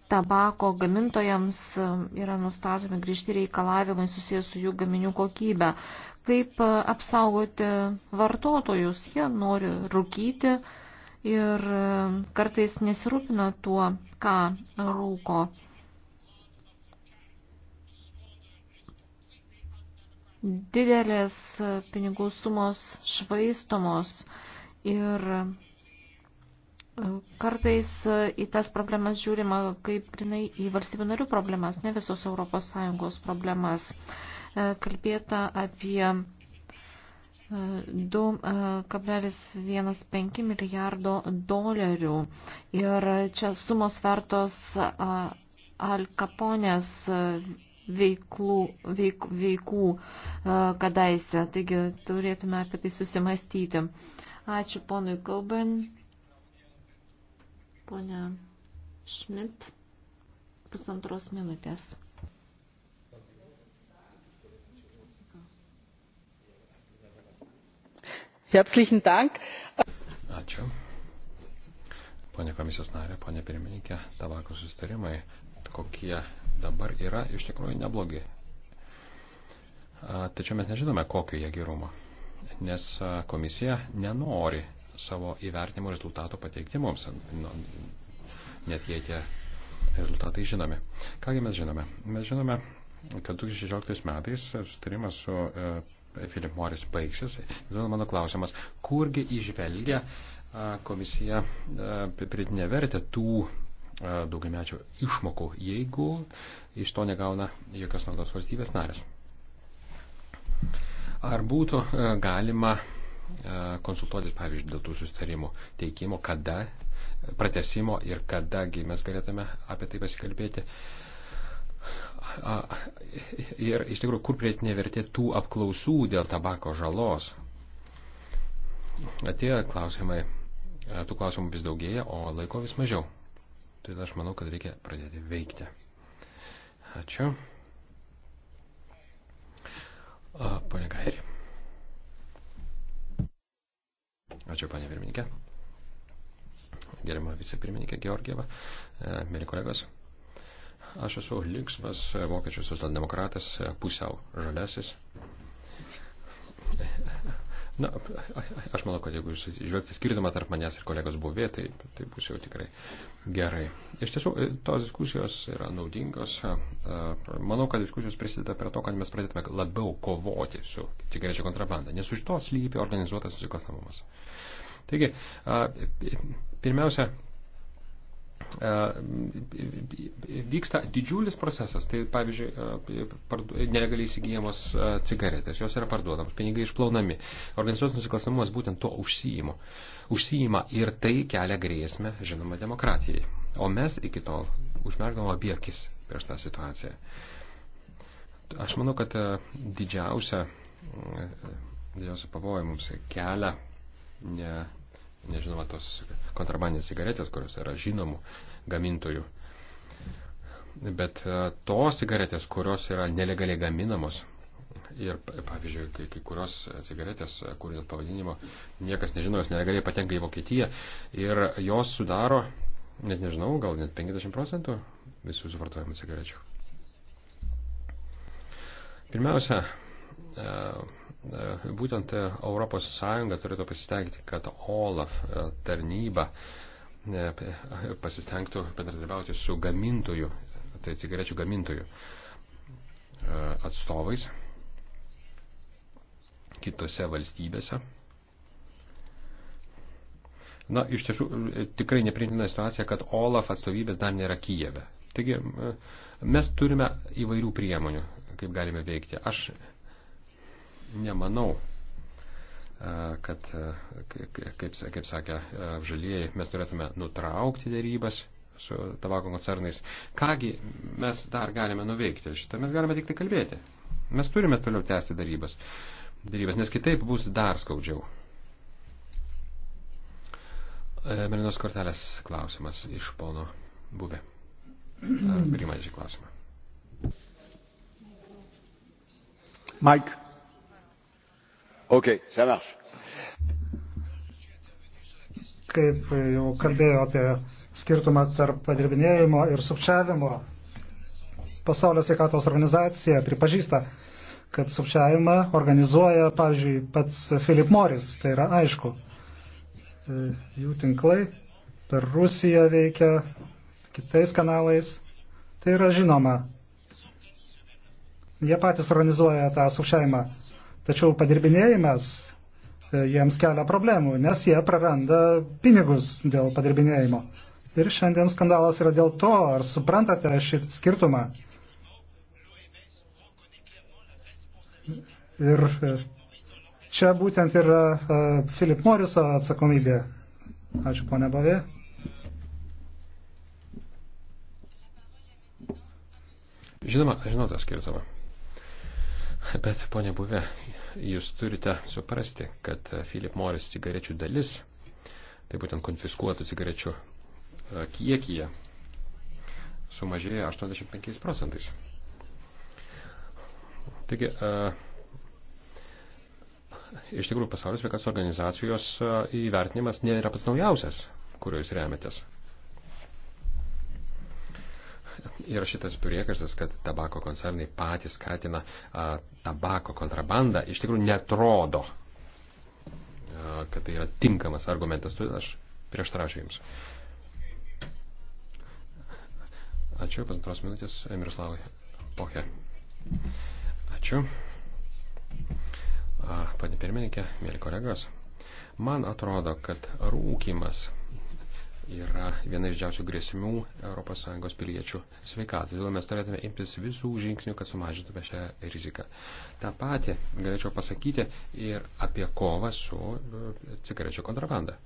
tabako gamintojams um, yra nustatomi grįžti reikalavimai susijęs su jų gaminių kokybė. Kaip uh, apsaugoti vartotojus, jie nori rūkyti ir um, kartais nesirūpina tuo, ką rūko. Didelės uh, pinigų sumos švaistomos ir Kartais e, į tas problemas žiūrima kaip grinai į valstybių narių problemas, ne visos ES problemas. E, kalbėta apie 2,15 e, milijardo dolerių ir čia sumos vertos Al Caponės veiklų, veik, veikų kadaise, taigi turėtume apie tai susimastyti. Ačiū ponui Kalban. Pone Šmit, pusantros minutės. Herzlichen Dank. Ačiū. Pone komisijos narė, pone pirmininkė, tabako susitarimai, kokie dabar yra, iš tikrųjų neblogi. Tačiau mes nežinome, kokio jie gerumo, nes komisija nenori savo įvertinimo rezultato pateikti mums, nu, net jei tie rezultatai žinomi. Kągi mes žinome? Mes žinome, kad 2016 metais sutarimas su e, Filip Moris baigsis. Žinoma, mano klausimas, kurgi išvelgia e, komisija e, pridinę vertę tų e, daugiamečių išmokų, jeigu iš to negauna jokios naudos valstybės narės. Ar būtų galima E, konsultuotis, pavyzdžiui, dėl tų sustarimų teikimo, kada, pratesimo ir kadagi mes galėtume apie tai pasikalbėti. Ir iš tikrųjų, kur prietinė vertė tų apklausų dėl tabako žalos. Atėjo klausimai, e, tų klausimų vis daugėja, o laiko vis mažiau. Tai aš manau, kad reikia pradėti veikti. Ačiū. Pane Gairė. Ačiū, panė pirmininkė. Gerima vicepirmininkė Georgieva, e, mėly kolegos. Aš esu linksmas vokiečių socialdemokratas, e, pusiau žalesis. Na, aš manau, kad jeigu jūs žvelgsite skirtumą tarp manęs ir kolegos buvė, tai, tai bus jau tikrai gerai. Iš tiesų, tos diskusijos yra naudingos. Manau, kad diskusijos prisideda prie to, kad mes pradėtume labiau kovoti su cigarečių kontrabanda, nes už to slypi organizuotas nusikalstamumas. Taigi, pirmiausia, E, vyksta didžiulis procesas. Tai pavyzdžiui, e, nelegaliai įsigijamos e, cigaretės, jos yra parduodamos, pinigai išplaunami. Organizuotas nusikalstamumas būtent to užsijimo. užsijima ir tai kelia grėsmę, žinoma, demokratijai. O mes iki tol užmergdavo abie akis prieš tą situaciją. Aš manau, kad didžiausia, didžiausia pavojai mums kelia ne nežinoma, tos kontrabandinės cigaretės, kurios yra žinomų gamintojų. Bet e, tos cigaretės, kurios yra nelegaliai gaminamos, ir pavyzdžiui, kai, kai kurios cigaretės, e, kurios pavadinimo niekas nežino, jos nelegaliai patenka į Vokietiją, ir jos sudaro, net nežinau, gal net 50 procentų visų suvartojamų cigarečių. Pirmiausia, uh, E, būtent ES turėtų pasistengti, kad OLAF e, tarnyba e, pasistengtų bendradarbiauti su gamintoju, tai cigarečių gamintoju atstovais kitose valstybėse. Na, iš tiesų, tikrai neprintina situacija, kad OLAF atstovybės dar nėra Kijeve. Taigi, mes turime įvairių priemonių, kaip galime veikti. Aš nemanau, kad, kaip, kaip sakė žalieji, mes turėtume nutraukti dėrybas su tabako koncernais. Kągi mes dar galime nuveikti šitą, mes galime tik tai kalbėti. Mes turime toliau tęsti darybas, darybas nes kitaip bus dar skaudžiau. E, Melinos kortelės klausimas iš pono Buvė. Ar priimate šį klausimą? Mike. Ok, ça marche. Kaip jau kalbėjau apie skirtumą tarp padirbinėjimo ir sukčiavimo, pasaulio sveikatos organizacija pripažįsta, kad sukčiavimą organizuoja, pavyzdžiui, pats Philip Morris, tai yra aišku. E, jų tinklai per Rusiją veikia kitais kanalais, tai yra žinoma. Jie patys organizuoja tą sukčiavimą. Tačiau padirbinėjimas e, jiems kelia problemų, nes jie praranda pinigus dėl padirbinėjimo. Ir šiandien skandalas yra dėl to, ar suprantate šį skirtumą. Ir e, čia būtent yra Filip e, Moriso atsakomybė. Ačiū, ponia Bavė. Žinoma, žinau tą skirtumą. Bet, ponė Buve, jūs turite suprasti, kad Philip Morris cigarečių dalis, tai būtent konfiskuotų cigarečių e, kiekyje, sumažėjo 85 procentais. Taigi, e, iš tikrųjų pasaulio sveikatos organizacijos e, įvertinimas nėra pats naujausias, kuriuo jūs remiatės. yra šitas priekaištas, kad tabako koncernai patys skatina a, tabako kontrabandą, iš tikrųjų netrodo, a, kad tai yra tinkamas argumentas. Tu, aš prieštarašiu Jums. Ačiū, pasantros minutės, Miroslavai Poche. Ačiū. A, pane pirmininkė, mėly kolegos, man atrodo, kad rūkimas yra viena iš didžiausių grėsmių ES piliečių sveikatai. Todėl mes turėtume imtis visų žingsnių, kad sumažintume šią riziką. Ta pati galėčiau pasakyti ir apie kovą su e, cigarečių kontrabanda.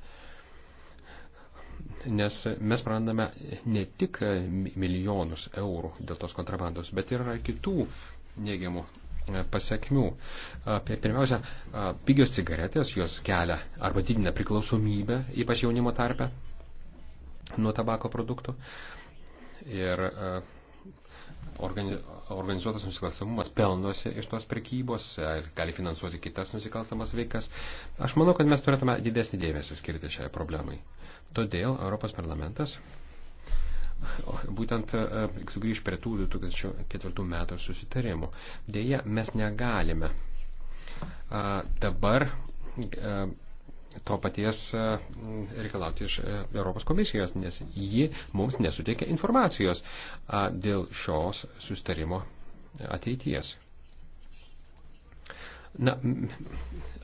Nes mes prarandame ne tik milijonus eurų dėl tos kontrabandos, bet ir kitų neigiamų e, pasiekmių. Pirmiausia, pigios cigaretės jos kelia arba didina priklausomybę, ypač jaunimo tarpe nuo tabako produktų. Ir e, organizuotas nusikalstamumas pelnosi iš tos prekybos e, ir gali finansuoti kitas nusikalstamas veikas. Aš manau, kad mes turėtume didesnį dėmesį skirti šiai problemai. Todėl Europos parlamentas būtent e, sugrįž prie tų 2004 metų susitarimų. Deja, mes negalime dabar to paties e, reikalauti iš e, Europos komisijos, nes ji mums nesuteikia informacijos dėl šios sustarimo ateities. Na,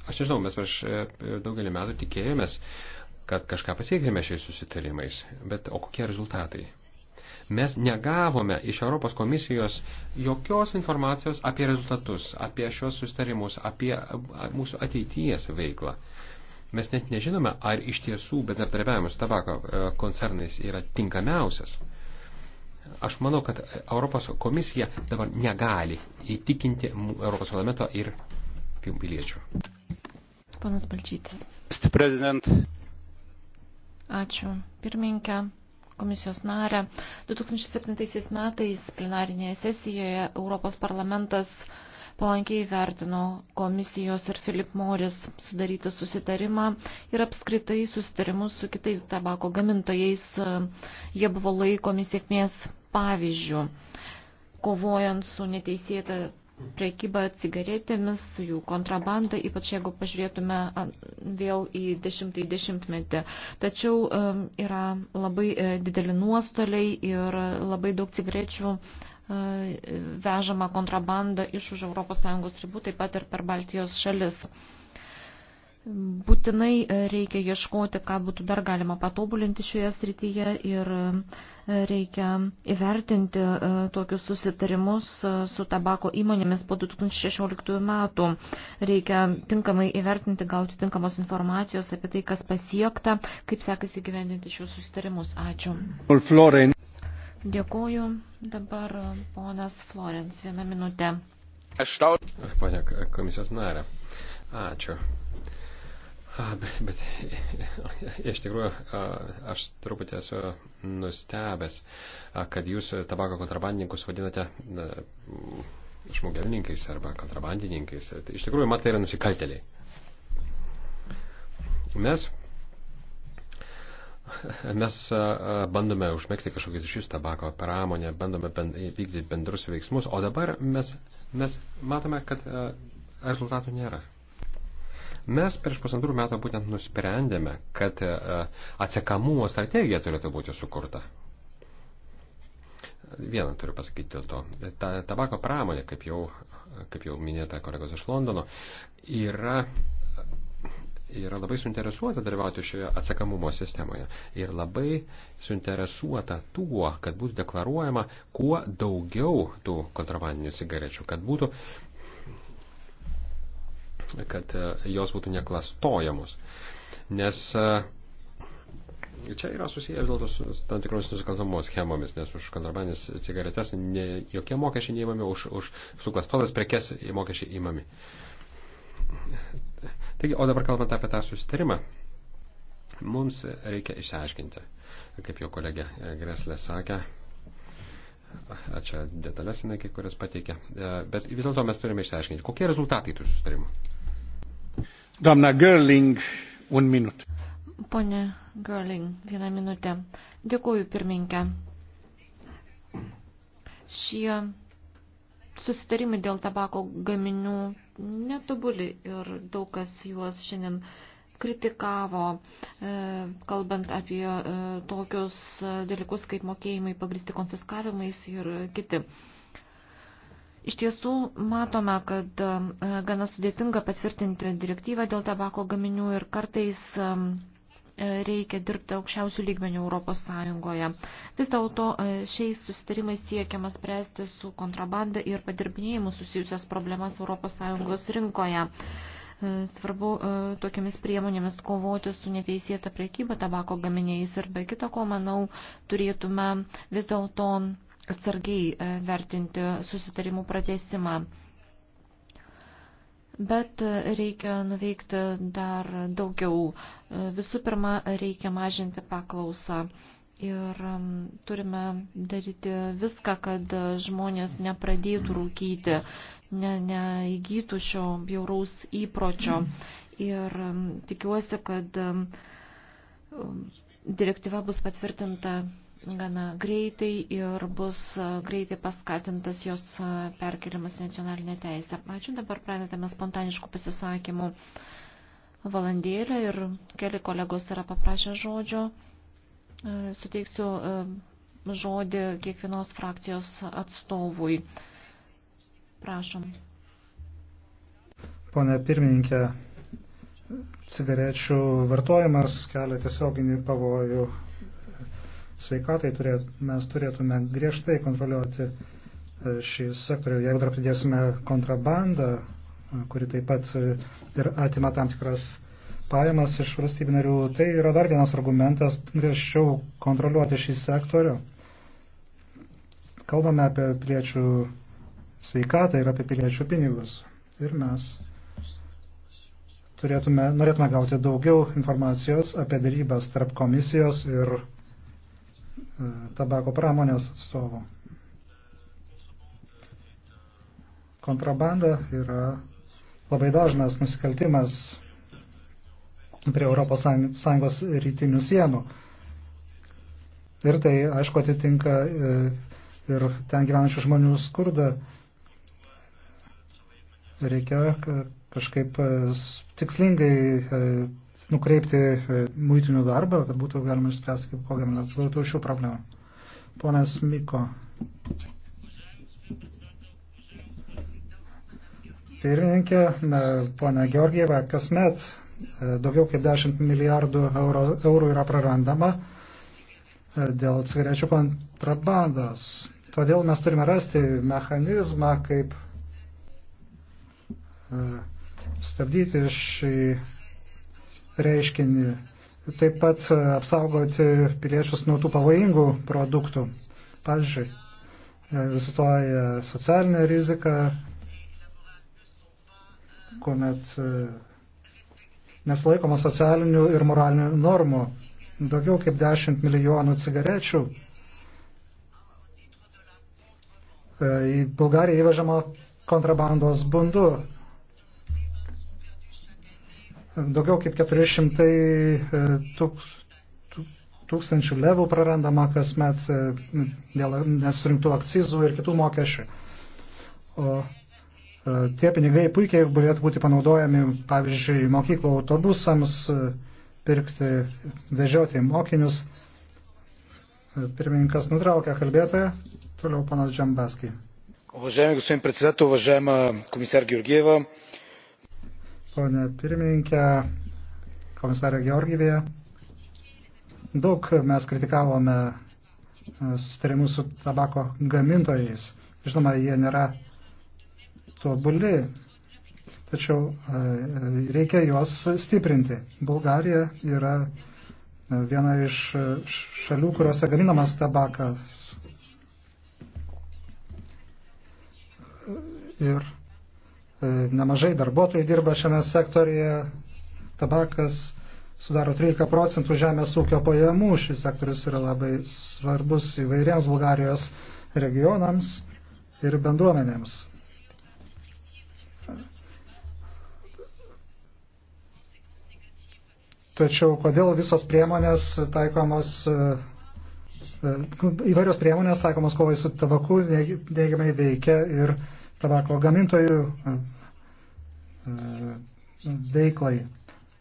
aš nežinau, mes prieš e, daugelį metų tikėjomės, kad kažką pasiekėme šiais susitarimais, bet o kokie rezultatai? Mes negavome iš Europos komisijos jokios informacijos apie rezultatus, apie šios sustarimus, apie mūsų ateities veiklą. Mes net nežinome, ar iš tiesų bendradarbiavimas tabako e, koncernais yra tinkamiausias. Aš manau, kad Europos komisija dabar negali įtikinti Europos parlamento ir piliečių. Panas Balčytis. Prezident. Ačiū. Pirminkė, komisijos narė. 2007 metais plenarinėje sesijoje Europos parlamentas Palankiai vertino komisijos ir Philip Morris sudarytą susitarimą ir apskritai susitarimus su kitais tabako gamintojais. Jie buvo laikomi sėkmės pavyzdžių, kovojant su neteisėta prekyba cigaretėmis, jų kontrabanda, ypač jeigu pažiūrėtume vėl į dešimtąjį dešimtmetį. Tačiau yra labai e, dideli nuostoliai ir labai daug cigarečių vežama kontrabanda iš už ES ribų, taip pat ir per Baltijos šalis. Būtinai e, reikia ieškoti, ką būtų dar galima patobulinti šioje srityje ir e, reikia įvertinti e, tokius susitarimus su tabako įmonėmis po 2016 metų. Reikia tinkamai įvertinti, gauti tinkamos informacijos apie tai, kas pasiekta, kaip sekasi gyvendinti šios susitarimus. Ačiū. Florin. Dėkuoju. Dabar ponas Florens, vieną minutę. Aš tau. Pane komisijos narė, ačiū. Bet, bet iš tikrųjų aš truputį esu nustebęs, kad jūs tabako kontrabandininkus vadinate žmogelininkais arba kontrabandininkais. Iš tikrųjų, matai, yra nusikalteliai. Mes Mes bandome užmėgti kažkokius iš jūsų tabako pramonę, bandome bend, vykdyti bendrus veiksmus, o dabar mes, mes matome, kad rezultatų nėra. Mes prieš pusantrų metų būtent nusprendėme, kad atsekamumo strategija turėtų būti sukurta. Vieną turiu pasakyti dėl to. Ta, tabako pramonė, kaip jau, kaip jau minėta kolegos iš Londono, yra yra labai suinteresuota dalyvauti šioje atsakamumo sistemoje ir labai suinteresuota tuo, kad bus deklaruojama kuo daugiau tų kontrabandinių cigarečių, kad būtų kad e, jos būtų neklastojamos. Nes e, čia yra susiję vis dėlto su tam tikromis nusikalstamos schemomis, nes už kontrabandinės cigaretes ne, jokie mokesčiai neįmami, už, už suklastotas prekes mokesčiai įmami. Taigi, o dabar kalbant apie tą susitarimą, mums reikia išsiaiškinti, kaip jau kolegė e, Greslė sakė, čia detalės jinai kai kurias pateikė, e, bet vis dėlto mes turime išsiaiškinti, kokie rezultatai tų susitarimų. Domna Gerling, un minut. Pone Gerling, vieną minutę. Dėkuoju pirminkę. Šie susitarimai dėl tabako gaminių netobuli ir daug kas juos šiandien kritikavo, e, kalbant apie e, tokius dalykus kaip mokėjimai pagristi konfiskavimais ir kiti. Iš tiesų matome, kad e, gana sudėtinga patvirtinti direktyvą dėl tabako gaminių ir kartais E, reikia dirbti aukščiausių lygmenių Europos Sąjungoje. Vis dėlto e, šiais susitarimais siekiama spręsti su kontrabanda ir padirbinėjimu susijusias problemas Europos Sąjungos rinkoje. E, svarbu tokiamis priemonėmis kovoti su neteisėta priekyba tabako gaminiais ir be kita ko, manau, turėtume vis dėlto atsargiai vertinti susitarimų pratesimą. Bet reikia nuveikti dar daugiau. Visų pirma, reikia mažinti paklausą. Ir um, turime daryti viską, kad žmonės nepradėtų rūkyti, ne, neįgytų šio bjauraus įpročio. Ir um, tikiuosi, kad um, direktyva bus patvirtinta gana greitai ir bus e, greitai paskatintas jos e, perkeliamas nacionalinė teisė. Ačiū, dabar pradedame spontaniškų pasisakymų valandėlę ir keli kolegos yra paprašę žodžio. E, suteiksiu žodį kiekvienos frakcijos atstovui. Prašom. Pone pirmininkė, cigarečių vartojimas kelia tiesioginį pavojų sveikatai turėt, mes turėtume griežtai kontroliuoti e, šį sektorių. Jeigu dar pridėsime kontrabandą, e, kuri taip pat e, ir atima tam tikras pajamas iš valstybių narių, tai yra dar vienas argumentas griežčiau kontroliuoti šį sektorių. Kalbame apie piliečių sveikatą ir apie piliečių pinigus. Ir mes turėtume, norėtume gauti daugiau informacijos apie darybas tarp komisijos ir E, tabako pramonės atstovų. Kontrabanda yra labai dažnas nusikaltimas prie ES rytinių sienų. Ir tai, aišku, atitinka e, ir ten gyvenančių žmonių skurdą. Reikia kažkaip e, tikslingai nukreipti e, muitinių darbą, kad būtų galima išspręsti kaip kokią nors būtų šių problemų. Ponas Miko. Pirmininkė, ponia Georgieva, kasmet e, daugiau kaip 10 milijardų euro, eurų yra prarandama e, dėl cigarečių kontrabandos. Todėl mes turime rasti mechanizmą, kaip stabdyti šį reiškinį, taip pat apsaugoti piliečius nuo tų pavojingų produktų. Pavyzdžiui, egzistuoja socialinė rizika, kuomet e, nesilaikoma socialinių ir moralinių normų. Daugiau kaip 10 milijonų cigarečių e, į Bulgariją įvežama kontrabandos bundu. Daugiau kaip 400 e, tūk, tūkstančių levų prarandama kasmet e, dėl nesurinktų akcizų ir kitų mokesčių. O e, tie pinigai puikiai galėtų būti panaudojami, pavyzdžiui, mokyklo autobusams, pirkti, vežioti mokinius. Pirmininkas nutraukė kalbėtoją, toliau panas Džambaskį. Уважаеми господин председател, уважаема комисар Георгиева, Pone pirmininkė, komisarė Georgivėje, daug mes kritikavome e, susitarimus su tabako gamintojais. Žinoma, jie nėra tobuli, tačiau e, reikia juos stiprinti. Bulgarija yra e, viena iš šalių, kuriuose gaminamas tabakas. Ir E, nemažai darbuotojų dirba šiame sektorija. Tabakas sudaro 13 procentų žemės ūkio pajamų. Šis sektorius yra labai svarbus įvairiems Bulgarijos regionams ir bendruomenėms. Tačiau kodėl visos priemonės taikomos, e, e, įvairios priemonės taikomos kovai su tabaku neigiamai veikia ir uh, tabako gamintojų e, e, veiklai.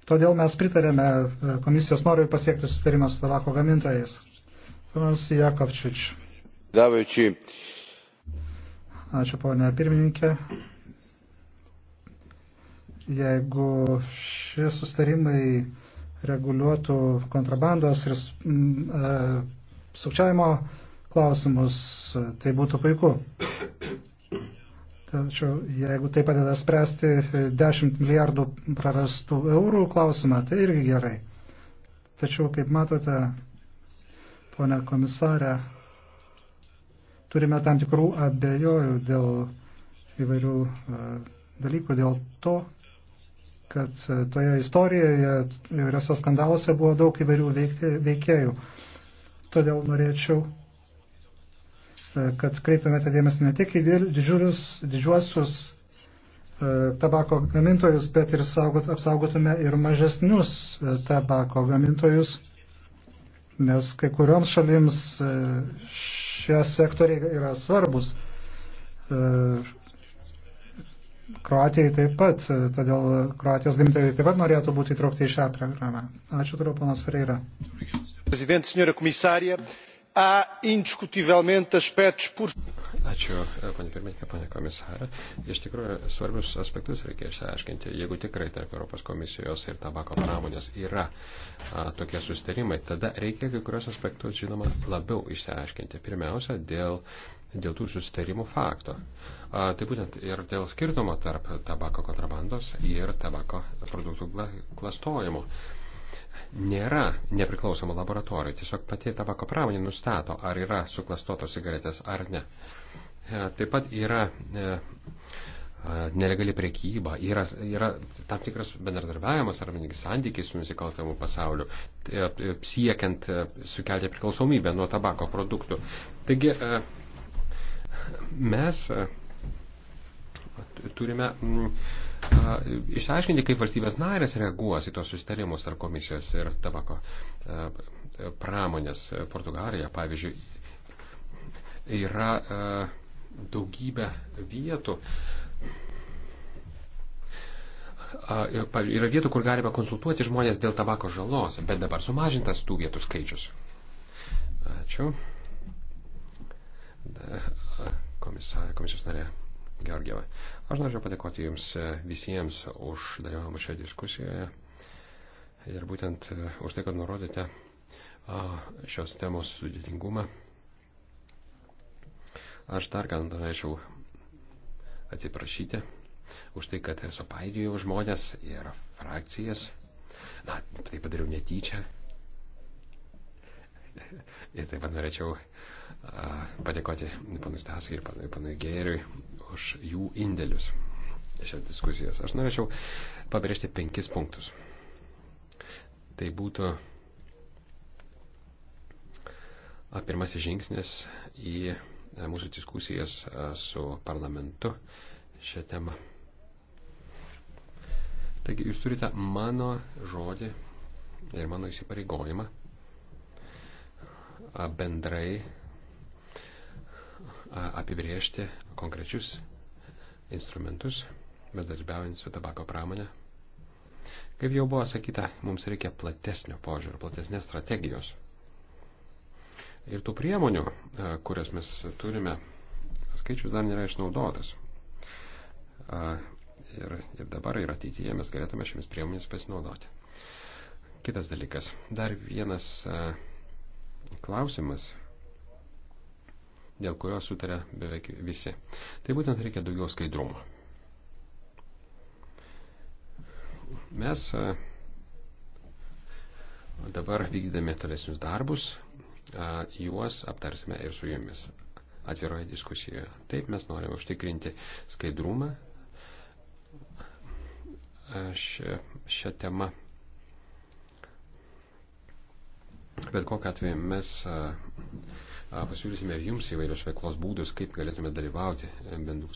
Todėl mes pritarėme e, komisijos norui pasiekti susitarimą su tabako gamintojais. Tomas Jakovčič. Davajučiai. Ačiū, ponė pirmininkė. Jeigu šie sustarimai reguliuotų kontrabandos ir mm, sukčiavimo klausimus, tai būtų puiku. Tačiau jeigu tai padeda spręsti 10 milijardų prarastų eurų klausimą, tai irgi gerai. Tačiau, kaip matote, ponia komisarė, turime tam tikrų abejojų dėl įvairių e, dalykų, dėl to, kad e, toje istorijoje, įvairiose skandaluose buvo daug įvairių veikėjų. Todėl norėčiau kad kreiptumėte dėmesį ne tik į didžiulius, didžiuosius e, tabako gamintojus, bet ir saugot, apsaugotume ir mažesnius e, tabako gamintojus, nes kai kurioms šalims e, šie sektoriai yra svarbus. Kroatijai taip pat, todėl Kroatijos gamintojai taip pat norėtų būti įtraukti į šią programą. Ačiū toliau, ponas Freira. Prezident, senjora komisarė, há indiscutivelmente aspectos por. Ačiū, e, panė pirmininkė, panė komisarė. Iš tikrųjų, svarbius aspektus reikia išsiaiškinti. Jeigu tikrai tarp Europos komisijos ir tabako pramonės yra a, tokie sustarimai, tada reikia kai kurios aspektus, žinoma, labiau išsiaiškinti. Pirmiausia, dėl, dėl tų sustarimų fakto. A, tai būtent ir dėl skirtumo tarp tabako kontrabandos ir tabako produktų klastojimo. Gla, nėra nepriklausoma laboratorija, tiesiog pati tabako pramonė nustato, ar yra suklastotos cigaretės ar ne. E, taip pat yra e, e, nelegali priekyba, yra, yra tam tikras bendradarbiavimas arba netgi santykiai su nusikalstamu pasauliu, siekiant sukelti priklausomybę nuo tabako produktų. Taigi mes Turime mm, išaiškinti, kaip valstybės narės reaguos į tos susitarimus tarp komisijos ir tabako pramonės. Portugalija, pavyzdžiui, yra daugybė vietų. Yra vietų, kur galima konsultuoti žmonės dėl tabako žalos, bet dabar sumažintas tų vietų skaičius. Ačiū. Komisarė, komisijos narė. Georgieva. Aš norėčiau padėkoti Jums e, visiems už dalyvavimą šioje diskusijoje ir būtent e, už tai, kad nurodėte šios temos sudėtingumą. Aš dar gal norėčiau atsiprašyti už tai, kad esu paidėjau žmonės ir frakcijas. Na, tai padariau netyčia. Ir taip pat norėčiau padėkoti panui Stasui ir panui, panui Gėriui už jų indėlius šias diskusijas. Aš norėčiau pabrėžti penkis punktus. Tai būtų pirmasis žingsnis į mūsų diskusijas su parlamentu šią temą. Taigi jūs turite mano žodį ir mano įsipareigojimą bendrai apibriežti konkrečius instrumentus, bedarbiaujant su tabako pramonė. Kaip jau buvo sakyta, mums reikia platesnio požiūrio, platesnės strategijos. Ir tų priemonių, kurias mes turime, skaičius dar nėra išnaudotas. Ir, ir dabar ir ateityje mes galėtume šiomis priemonėmis pasinaudoti. Kitas dalykas. Dar vienas klausimas dėl kurio sutarė beveik visi. Tai būtent reikia daugiau skaidrumo. Mes dabar vykdami tolesnius darbus, juos aptarsime ir su jumis atviroje diskusijoje. Taip mes norime užtikrinti skaidrumą šią temą. Bet kokią atveju mes pasiūlysime ir jums įvairios veiklos būdus, kaip galėtume dalyvauti e, bendrų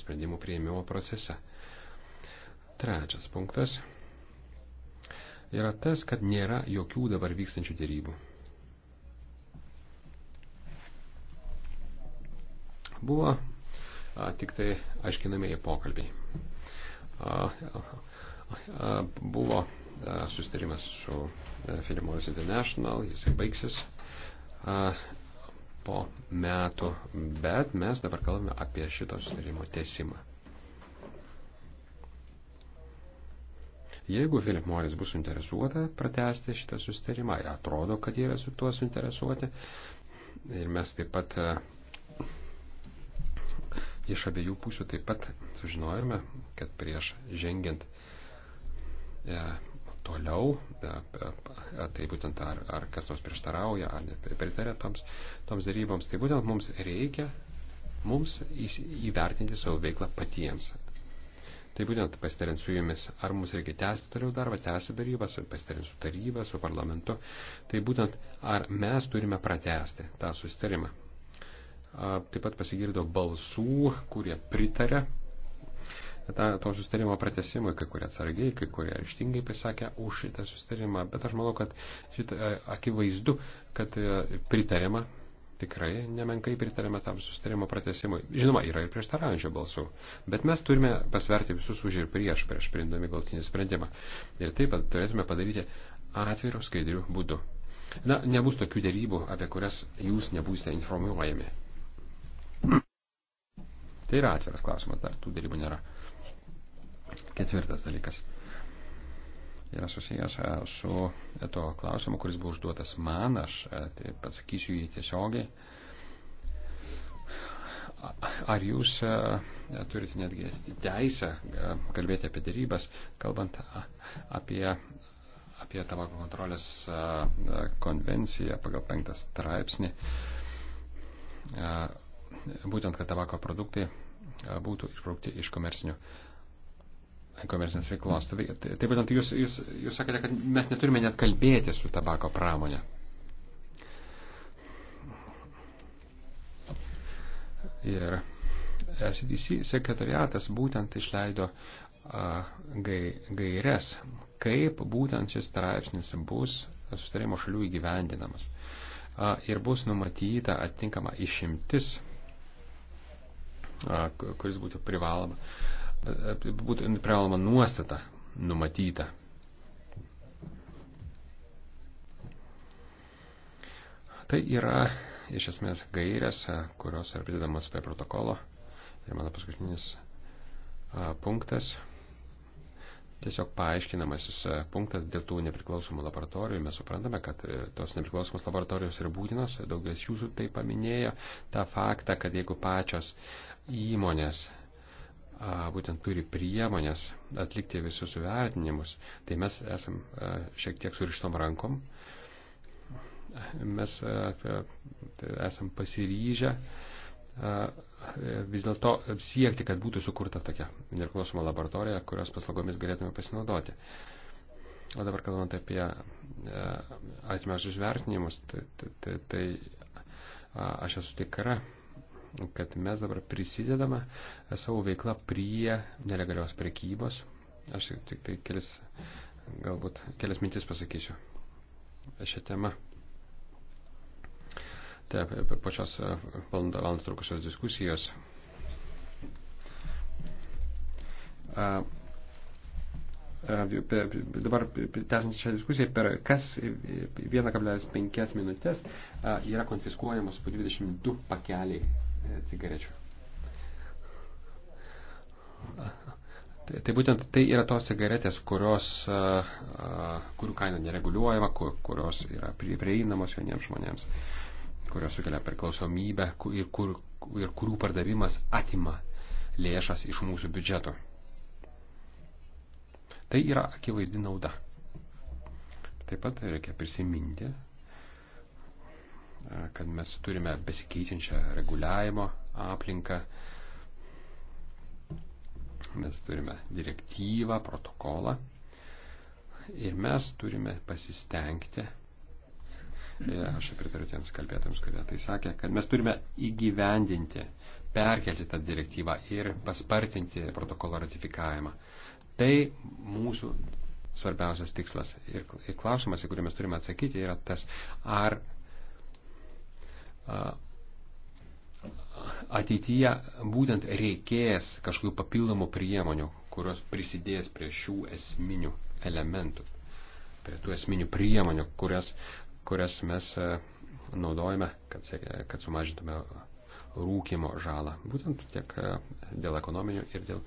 sprendimų prieimimo procese. Trečias punktas yra tas, kad nėra jokių dabar vykstančių dėrybų. Buvo a, tik tai aiškinamieji pokalbiai. A, a, buvo a, sustarimas su Philip e, Morris International, jisai baigsis. A, po metų, bet mes dabar kalbame apie šito sustarimo tesimą. Jeigu Philip Morris bus suinteresuota pratesti šitą sustarimą, atrodo, kad yra su tuo suinteresuoti, ir mes taip pat e, iš abiejų pusių taip pat sužinojome, kad prieš žengiant e, toliau, tai būtent ar, ar kas nors prieštarauja, ar nepritarė toms, toms daryboms, tai būtent mums reikia mums įvertinti savo veiklą patiems. Tai būtent pasitarint su jumis, ar mums reikia tęsti toliau darbą, tęsti darybas, pasitarint su taryba, su parlamentu, tai būtent ar mes turime pratesti tą susitarimą. Taip pat pasigirdo balsų, kurie pritarė ta, to sustarimo pratesimui, kai kurie atsargiai, kai kurie ryštingai pasakė už šitą sustarimą, bet aš manau, kad šitą akivaizdu, kad e, pritarėma, tikrai nemenkai pritarėme tam sustarimo pratesimui. Žinoma, yra ir prieštaraujančių balsų, bet mes turime pasverti visus už ir prieš, prieš priimdami galtinį sprendimą. Ir taip pat turėtume padaryti atvirų skaidrių būdų. Na, nebus tokių dėrybų, apie kurias jūs nebūsite informuojami. Tai yra atviras klausimas, dar tų dėrybų nėra. Ketvirtas dalykas yra susijęs su e, to klausimu, kuris buvo užduotas man, aš e, taip atsakysiu jį tiesiogiai. Ar jūs e, turite netgi teisę kalbėti apie dėrybas, kalbant apie, apie tabako kontrolės konvenciją pagal penktas straipsnį, būtent, kad tabako produktai būtų išbraukti iš komersinių komercinės veiklos. Tai, tai, tai būtent jūs, jūs, jūs sakėte, kad mes neturime net kalbėti su tabako pramonė. Ir SDC sekretariatas būtent išleido gairias, kaip būtent šis straipsnis bus sustarimo šalių įgyvendinamas. Ir bus numatyta atitinkama išimtis, kuris būtų privaloma būtų privaloma nuostata numatyta. Tai yra iš esmės gairės, kurios yra pridedamas prie protokolo. Ir mano paskutinis punktas, tiesiog paaiškinamasis punktas dėl tų nepriklausomų laboratorijų. Mes suprantame, kad e, tos nepriklausomos laboratorijos yra būtinos. Daugelis jūsų tai paminėjo tą faktą, kad jeigu pačios įmonės būtent turi priemonės atlikti visus vertinimus, tai mes esam šiek tiek surištom rankom. Mes esam pasiryžę vis dėlto siekti, kad būtų sukurta tokia nepriklausoma laboratorija, kurios paslaugomis galėtume pasinaudoti. O dabar kalbant apie atmežus vertinimus, tai, tai, tai, tai aš esu tikra, kad mes dabar prisidedame e, savo veiklą prie nelegalios prekybos. Aš tik tai kelis, galbūt kelias mintis pasakysiu šią temą. Taip, po šios e, valandą, valandą trukusios diskusijos. A, dabar tęsiant šią diskusiją, per kas 1,5 minutės yra konfiskuojamos po 22 pakeliai cigarečių. Tai, tai būtent tai yra tos cigaretės, kurios, kurių kaina nereguliuojama, kur, kurios yra prieinamos vieniems žmonėms, kurios sukelia priklausomybę ir, kur, ir kurių pardavimas atima lėšas iš mūsų biudžeto. Tai yra akivaizdi nauda. Taip pat reikia prisiminti, kad mes turime besikeičiančią reguliavimo aplinką. Mes turime direktyvą, protokolą ir mes turime pasistengti, e, aš pritariu tiems kalbėtams, kurie tai sakė, kad mes turime įgyvendinti, perkelti tą direktyvą ir paspartinti protokolo ratifikavimą. Tai mūsų svarbiausias tikslas. Ir klausimas, į kurį mes turime atsakyti, yra tas, ar ateityje būtent reikės kažkokių papildomų priemonių, kurios prisidės prie šių esminių elementų, prie tų esminių priemonių, kurias, kurias mes e, naudojame, kad, kad sumažintume rūkimo žalą. Būtent tiek e, dėl ekonominių ir dėl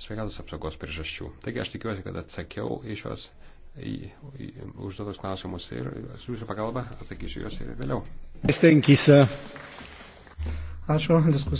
sveikatos apsaugos priežasčių. Taigi aš tikiuosi, kad atsakiau iš jos į, į užduotus klausimus ir su jūsų pagalba atsakysiu juos ir vėliau. Este închisă. Ačiū, diskusija.